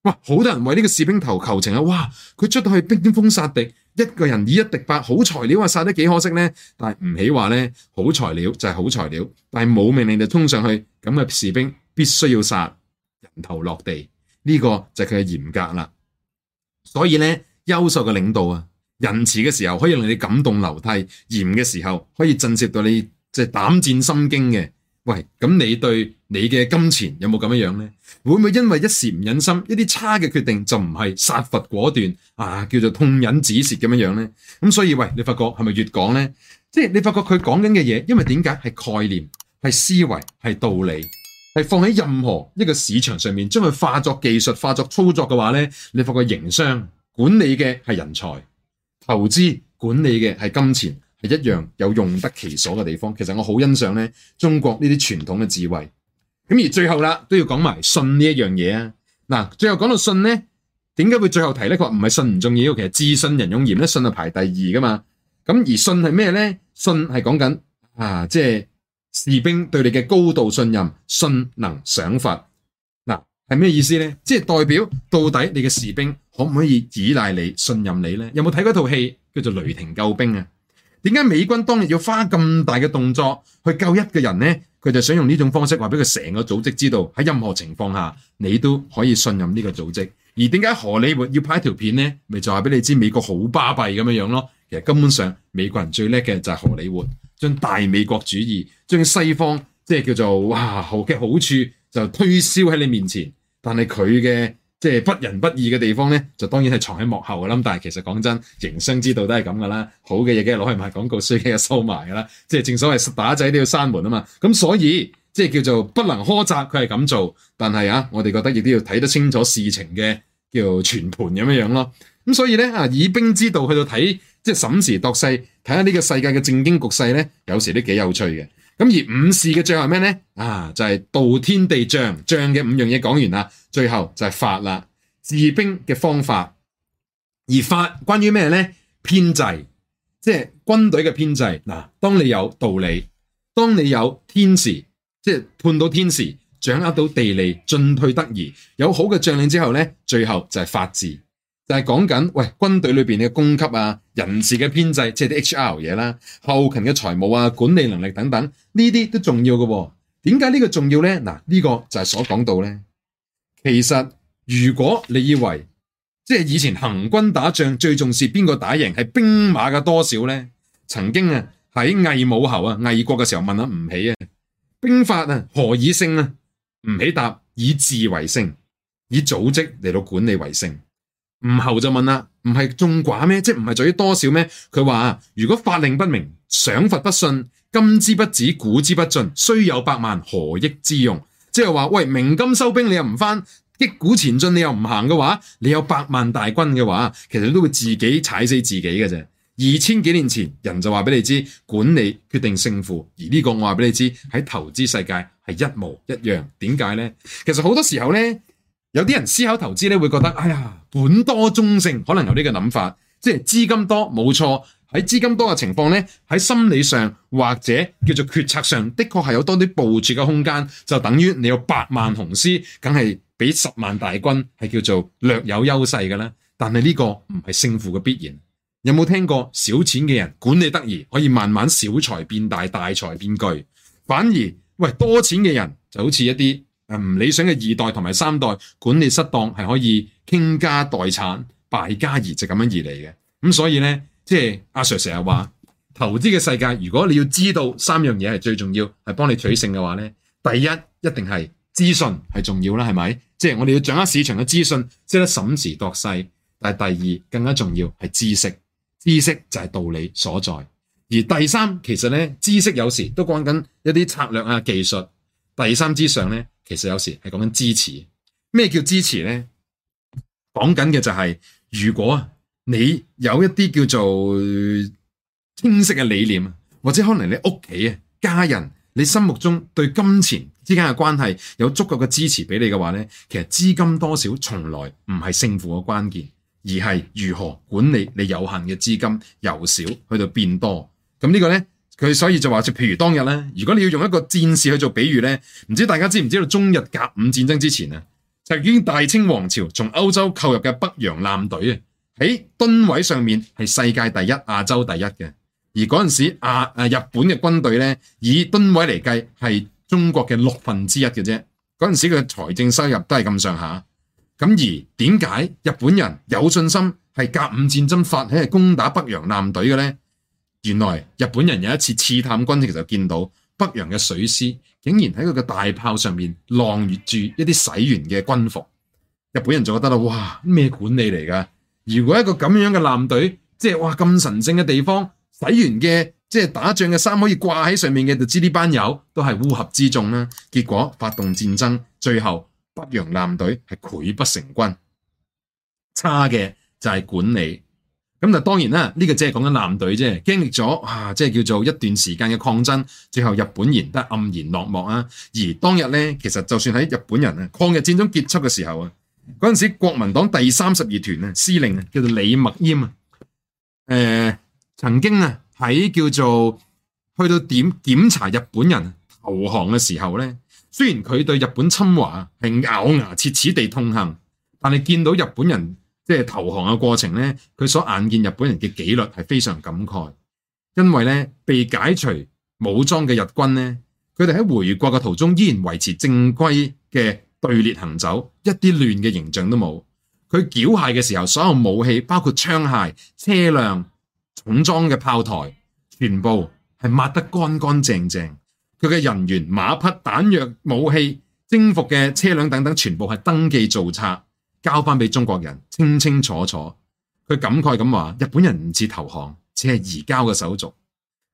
哇，好多人為呢個士兵頭求情啊！哇，佢出到去兵鋒殺敵，一個人以一敵八，好材料啊，殺得幾可惜呢。但係吳起話呢，好材料就係好材料，但係冇命令就衝上去咁嘅士兵必須要殺。頭落地，呢個就係佢嘅嚴格啦，所以呢，優秀嘅領導啊，仁慈嘅時候可以令你感動流涕，嚴嘅時候可以震懾到你，即係膽戰心驚嘅。喂，咁你對你嘅金錢有冇咁樣樣咧？會唔會因為一時唔忍心，一啲差嘅決定就唔係殺伐果斷啊？叫做痛忍止蝕咁樣樣咧？咁所以喂，你發覺係咪越講呢？即係你發覺佢講緊嘅嘢，因為點解係概念、係思維、係道理？係放喺任何一個市場上面，將佢化作技術、化作操作嘅話咧，你發覺營商管理嘅係人才，投資管理嘅係金錢，係一樣有用得其所嘅地方。其實我好欣賞咧，中國呢啲傳統嘅智慧。咁而最後啦，都要講埋信呢一樣嘢啊！嗱，最後講到信咧，點解會最後提咧？佢話唔係信唔重要，其實智信仁勇嚴咧，信係排第二噶嘛。咁而信係咩咧？信係講緊啊，即係。士兵對你嘅高度信任、信能賞罰，嗱係咩意思呢？即係代表到底你嘅士兵可唔可以依賴你、信任你呢？有冇睇過套戲叫做《雷霆救兵》啊？點解美軍當日要花咁大嘅動作去救一個人呢？佢就想用呢種方式話俾佢成個組織知道，喺任何情況下你都可以信任呢個組織。而點解荷里活要拍一條片呢？咪就係俾你知美國好巴閉咁樣樣咯。其實根本上美國人最叻嘅就係荷里活。將大美國主義、將西方即係叫做哇好嘅好處就推銷喺你面前，但係佢嘅即係不仁不義嘅地方咧，就當然係藏喺幕後噶啦。但係其實講真，營商之道都係咁噶啦，好嘅嘢梗係攞去賣廣告，衰嘅嘢收埋噶啦。即係正所謂打仔都要閂門啊嘛。咁所以即係叫做不能苛責佢係咁做，但係啊，我哋覺得亦都要睇得清楚事情嘅叫全盤咁樣容咯。咁所以咧，啊，以兵之道去到睇，即係審時度勢，睇下呢個世界嘅政經局勢咧，有時都幾有趣嘅。咁而五事嘅最後係咩咧？啊，就係、是、道天地將將嘅五樣嘢講完啦，最後就係法啦，治兵嘅方法。而法關於咩咧？編製，即係軍隊嘅編製。嗱，當你有道理，當你有天時，即係判到天時，掌握到地利，進退得宜，有好嘅將領之後咧，最後就係法治。就係講緊喂軍隊裏邊嘅供給啊、人事嘅編制，即係啲 H R 嘢啦，後勤嘅財務啊、管理能力等等，呢啲都重要嘅喎。點解呢個重要咧？嗱，呢個就係所講到咧。其實如果你以為即係以前行軍打仗最重視，邊個打贏係兵馬嘅多少咧，曾經啊喺魏武侯啊魏國嘅時候，問下吳起啊，兵法啊何以勝啊？吳起答以治為勝，以組織嚟到管理為勝。吳侯就問啦，唔係眾寡咩？即係唔係在於多少咩？佢話：如果法令不明，賞罰不信，金之不止、鼓之不進，雖有百萬，何益之用？即係話，喂，鳴金收兵，你又唔返；擊鼓前進，你又唔行嘅話，你有百萬大軍嘅話，其實都會自己踩死自己嘅啫。二千幾年前，人就話俾你知，管理決定勝負，而呢個我話俾你知喺投資世界係一模一樣。點解咧？其實好多時候咧。有啲人思考投資咧，會覺得，哎呀，本多中性，可能有呢個諗法，即係資金多冇錯。喺資金多嘅情況咧，喺心理上或者叫做決策上的確係有多啲部署嘅空間，就等於你有八萬雄師，梗係比十萬大軍係叫做略有優勢嘅啦。但係呢個唔係勝負嘅必然。有冇聽過少錢嘅人管理得宜，可以慢慢小財變大，大財變巨？反而喂，多錢嘅人就好似一啲。唔理想嘅二代同埋三代管理失當，係可以傾家代產、敗家而就咁樣而嚟嘅。咁所以呢，即係阿 Sir 成日話，投資嘅世界，如果你要知道三樣嘢係最重要，係幫你取勝嘅話呢，第一一定係資訊係重要啦，係咪？即係我哋要掌握市場嘅資訊，識得審時度勢。但係第二更加重要係知識，知識就係道理所在。而第三其實呢，知識有時都講緊一啲策略啊、技術。第三之上呢。其實有時係講緊支持，咩叫支持呢？講緊嘅就係，如果你有一啲叫做清晰嘅理念，或者可能你屋企家人，你心目中對金錢之間嘅關係有足夠嘅支持畀你嘅話呢，其實資金多少從來唔係勝負嘅關鍵，而係如何管理你有限嘅資金由少去到變多。咁、這、呢個呢。佢所以就話，就譬如當日咧，如果你要用一個戰士去做比喻咧，唔知大家知唔知道中日甲午戰爭之前啊，就已經大清皇朝從歐洲購入嘅北洋艦隊啊，喺噸位上面係世界第一、亞洲第一嘅。而嗰陣時、啊啊、日本嘅軍隊咧，以噸位嚟計係中國嘅六分之一嘅啫。嗰陣時佢嘅財政收入都係咁上下。咁而點解日本人有信心係甲午戰爭發起攻打北洋艦隊嘅咧？原來日本人有一次刺探軍情就見到北洋嘅水師，竟然喺佢嘅大炮上面晾曬住一啲洗完嘅軍服。日本人就覺得啦，哇咩管理嚟㗎？如果一個咁樣嘅艦隊，即係哇咁神聖嘅地方，洗完嘅即係打仗嘅衫可以掛喺上面嘅，就知呢班友都係烏合之眾啦。結果發動戰爭，最後北洋艦隊係潰不成軍，差嘅就係管理。咁就當然啦，呢、這個只係講緊男隊啫，經歷咗啊，即係叫做一段時間嘅抗爭，最後日本贏得黯然落幕啊。而當日呢，其實就算喺日本人啊，抗日戰爭結束嘅時候啊，嗰陣時國民黨第三十二團啊，司令啊叫做李默庵啊，誒、呃，曾經啊喺叫做去到點檢查日本人投降嘅時候呢，雖然佢對日本侵華係咬牙切齒地痛恨，但係見到日本人。即係投降嘅過程咧，佢所眼見日本人嘅紀律係非常感慨，因為咧被解除武裝嘅日軍咧，佢哋喺回國嘅途中依然維持正規嘅隊列行走，一啲亂嘅形象都冇。佢繳械嘅時候，所有武器包括槍械、車輛、重裝嘅炮台，全部係抹得乾乾淨淨。佢嘅人員、馬匹、彈藥、武器、征服嘅車輛等等，全部係登記造冊。交翻俾中國人，清清楚楚。佢感慨咁話：日本人唔似投降，只係移交嘅手續。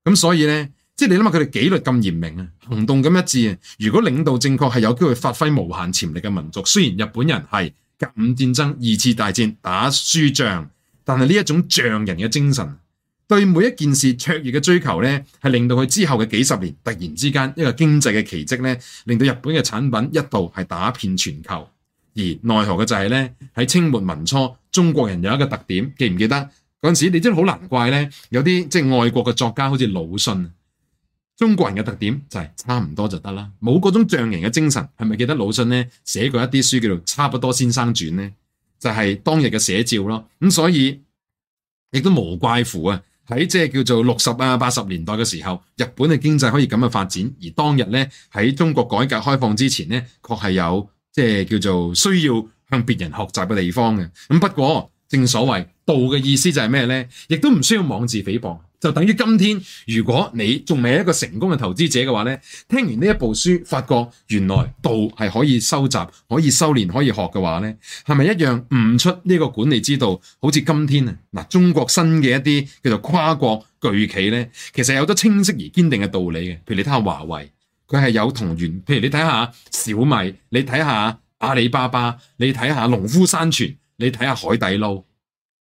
咁所以呢，即係你諗下佢哋紀律咁嚴明啊，行動咁一致。如果領導正確，係有機會發揮無限潛力嘅民族。雖然日本人係甲午戰爭、二次大戰打輸仗，但係呢一種匠人嘅精神，對每一件事卓越嘅追求呢，係令到佢之後嘅幾十年突然之間一個經濟嘅奇蹟呢，令到日本嘅產品一度係打遍全球。而奈何嘅就係、是、咧，喺清末民初，中國人有一個特點，記唔記得嗰陣時？你真係好難怪咧，有啲即係愛國嘅作家，好似魯迅。中國人嘅特點就係差唔多就得啦，冇嗰種象形嘅精神。係咪記得魯迅咧寫過一啲書叫做《差不多先生傳》咧？就係、是、當日嘅寫照咯。咁、嗯、所以亦都無怪乎啊，喺即係叫做六十啊八十年代嘅時候，日本嘅經濟可以咁嘅發展，而當日咧喺中國改革開放之前咧，確係有。即係叫做需要向別人學習嘅地方嘅。咁不過正所謂道嘅意思就係咩呢？亦都唔需要妄自菲薄，就等於今天如果你仲未係一個成功嘅投資者嘅話呢，聽完呢一部書，發覺原來道係可以收集、可以修煉、可以學嘅話呢，係咪一樣悟出呢個管理之道？好似今天啊，嗱，中國新嘅一啲叫做跨國巨企呢，其實有好多清晰而堅定嘅道理嘅，譬如你睇下華為。佢係有同源，譬如你睇下小米，你睇下阿里巴巴，你睇下農夫山泉，你睇下海底撈，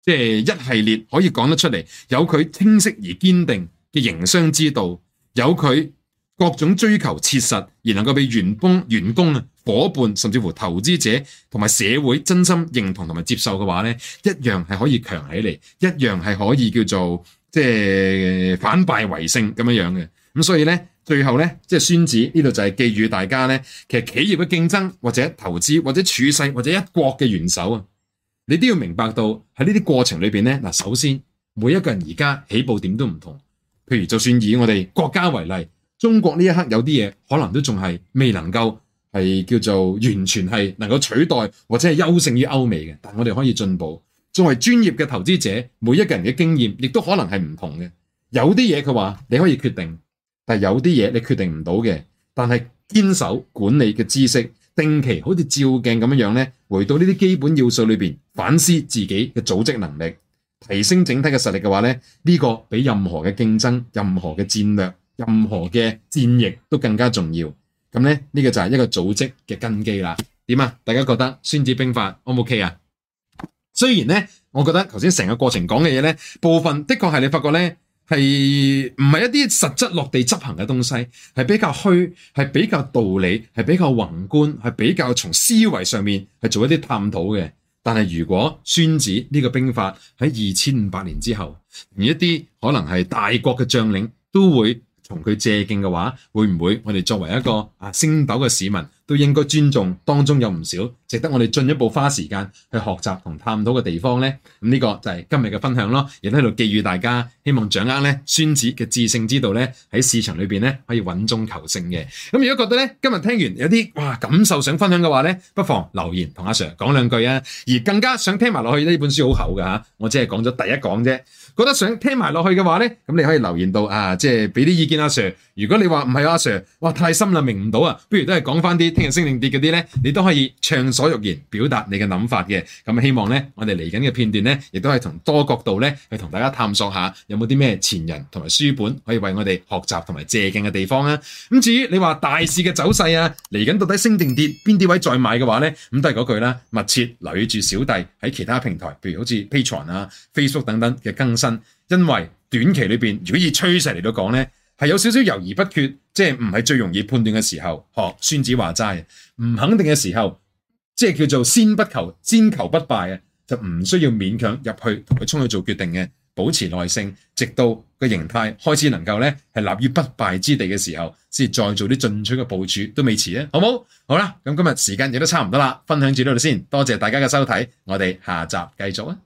即係一系列可以講得出嚟，有佢清晰而堅定嘅營商之道，有佢各種追求切實而能夠俾員工、員工啊夥伴，甚至乎投資者同埋社會真心認同同埋接受嘅話咧，一樣係可以強起嚟，一樣係可以叫做即係反敗為勝咁樣嘅，咁所以咧。最後呢，即係孫子呢度就係寄語大家呢，其實企業嘅競爭，或者投資，或者處世，或者一國嘅元首啊，你都要明白到喺呢啲過程裏面呢。嗱，首先每一個人而家起步點都唔同。譬如就算以我哋國家為例，中國呢一刻有啲嘢可能都仲係未能夠係叫做完全係能夠取代或者係優勝於歐美嘅，但我哋可以進步。作為專業嘅投資者，每一個人嘅經驗亦都可能係唔同嘅。有啲嘢佢話你可以決定。但有啲嘢你決定唔到嘅，但係堅守管理嘅知識，定期好似照鏡咁樣呢，回到呢啲基本要素裏面，反思自己嘅組織能力，提升整體嘅實力嘅話呢，呢、這個比任何嘅競爭、任何嘅戰略、任何嘅戰役都更加重要。咁呢，呢、這個就係一個組織嘅根基啦。點啊？大家覺得《孫子兵法》O 唔 OK 呀？雖然呢，我覺得頭先成個過程講嘅嘢呢，部分的確係你發覺呢。是不是一些實質落地執行的東西，是比較虛，是比較道理，是比較宏觀，是比較從思維上面去做一些探討的。但是如果孫子呢個兵法在二千五百年之後，連一些可能是大國的將領都會同他借鑒的話，會不會我們作為一個啊星斗的市民？都應該尊重，當中有唔少值得我哋進一步花時間去學習同探討嘅地方呢。咁呢個就係今日嘅分享咯，亦都喺度寄語大家，希望掌握咧孫子嘅智勝之道咧，喺市場裏面咧可以穩中求勝嘅。咁如果覺得咧今日聽完有啲哇感受想分享嘅話咧，不妨留言同阿 Sir 講兩句啊。而更加想聽埋落去呢，本書好厚㗎，我只係講咗第一講啫。覺得想聽埋落去嘅話呢，咁你可以留言到啊，即係俾啲意見阿 Sir。如果你話唔係阿 Sir，哇太深啦，明唔到啊，不如都係講翻啲聽日升定跌嗰啲呢，你都可以暢所欲言，表達你嘅諗法嘅。咁希望呢，我哋嚟緊嘅片段呢，亦都係從多角度呢，去同大家探索下，有冇啲咩前人同埋書本可以為我哋學習同埋借鏡嘅地方啊。咁至於你話大市嘅走勢啊，嚟緊到底升定跌，邊啲位再買嘅話呢？咁都係嗰句啦，密切留意住小弟喺其他平台，譬如好似 Patreon 啊、Facebook 等等嘅更新。因為短期裏邊，如果以趨勢嚟到講呢係有少少猶豫不決，即係唔係最容易判斷嘅時候。學孫子話齋，唔肯定嘅時候，即係叫做先不求，先求不敗啊，就唔需要勉強入去同佢衝去做決定嘅，保持耐性，直到個形態開始能夠呢係立於不敗之地嘅時候，先再做啲進取嘅部署都未遲啊，好唔好？好啦，咁今日時間亦都差唔多啦，分享至呢度先，多謝大家嘅收睇，我哋下集繼續啊！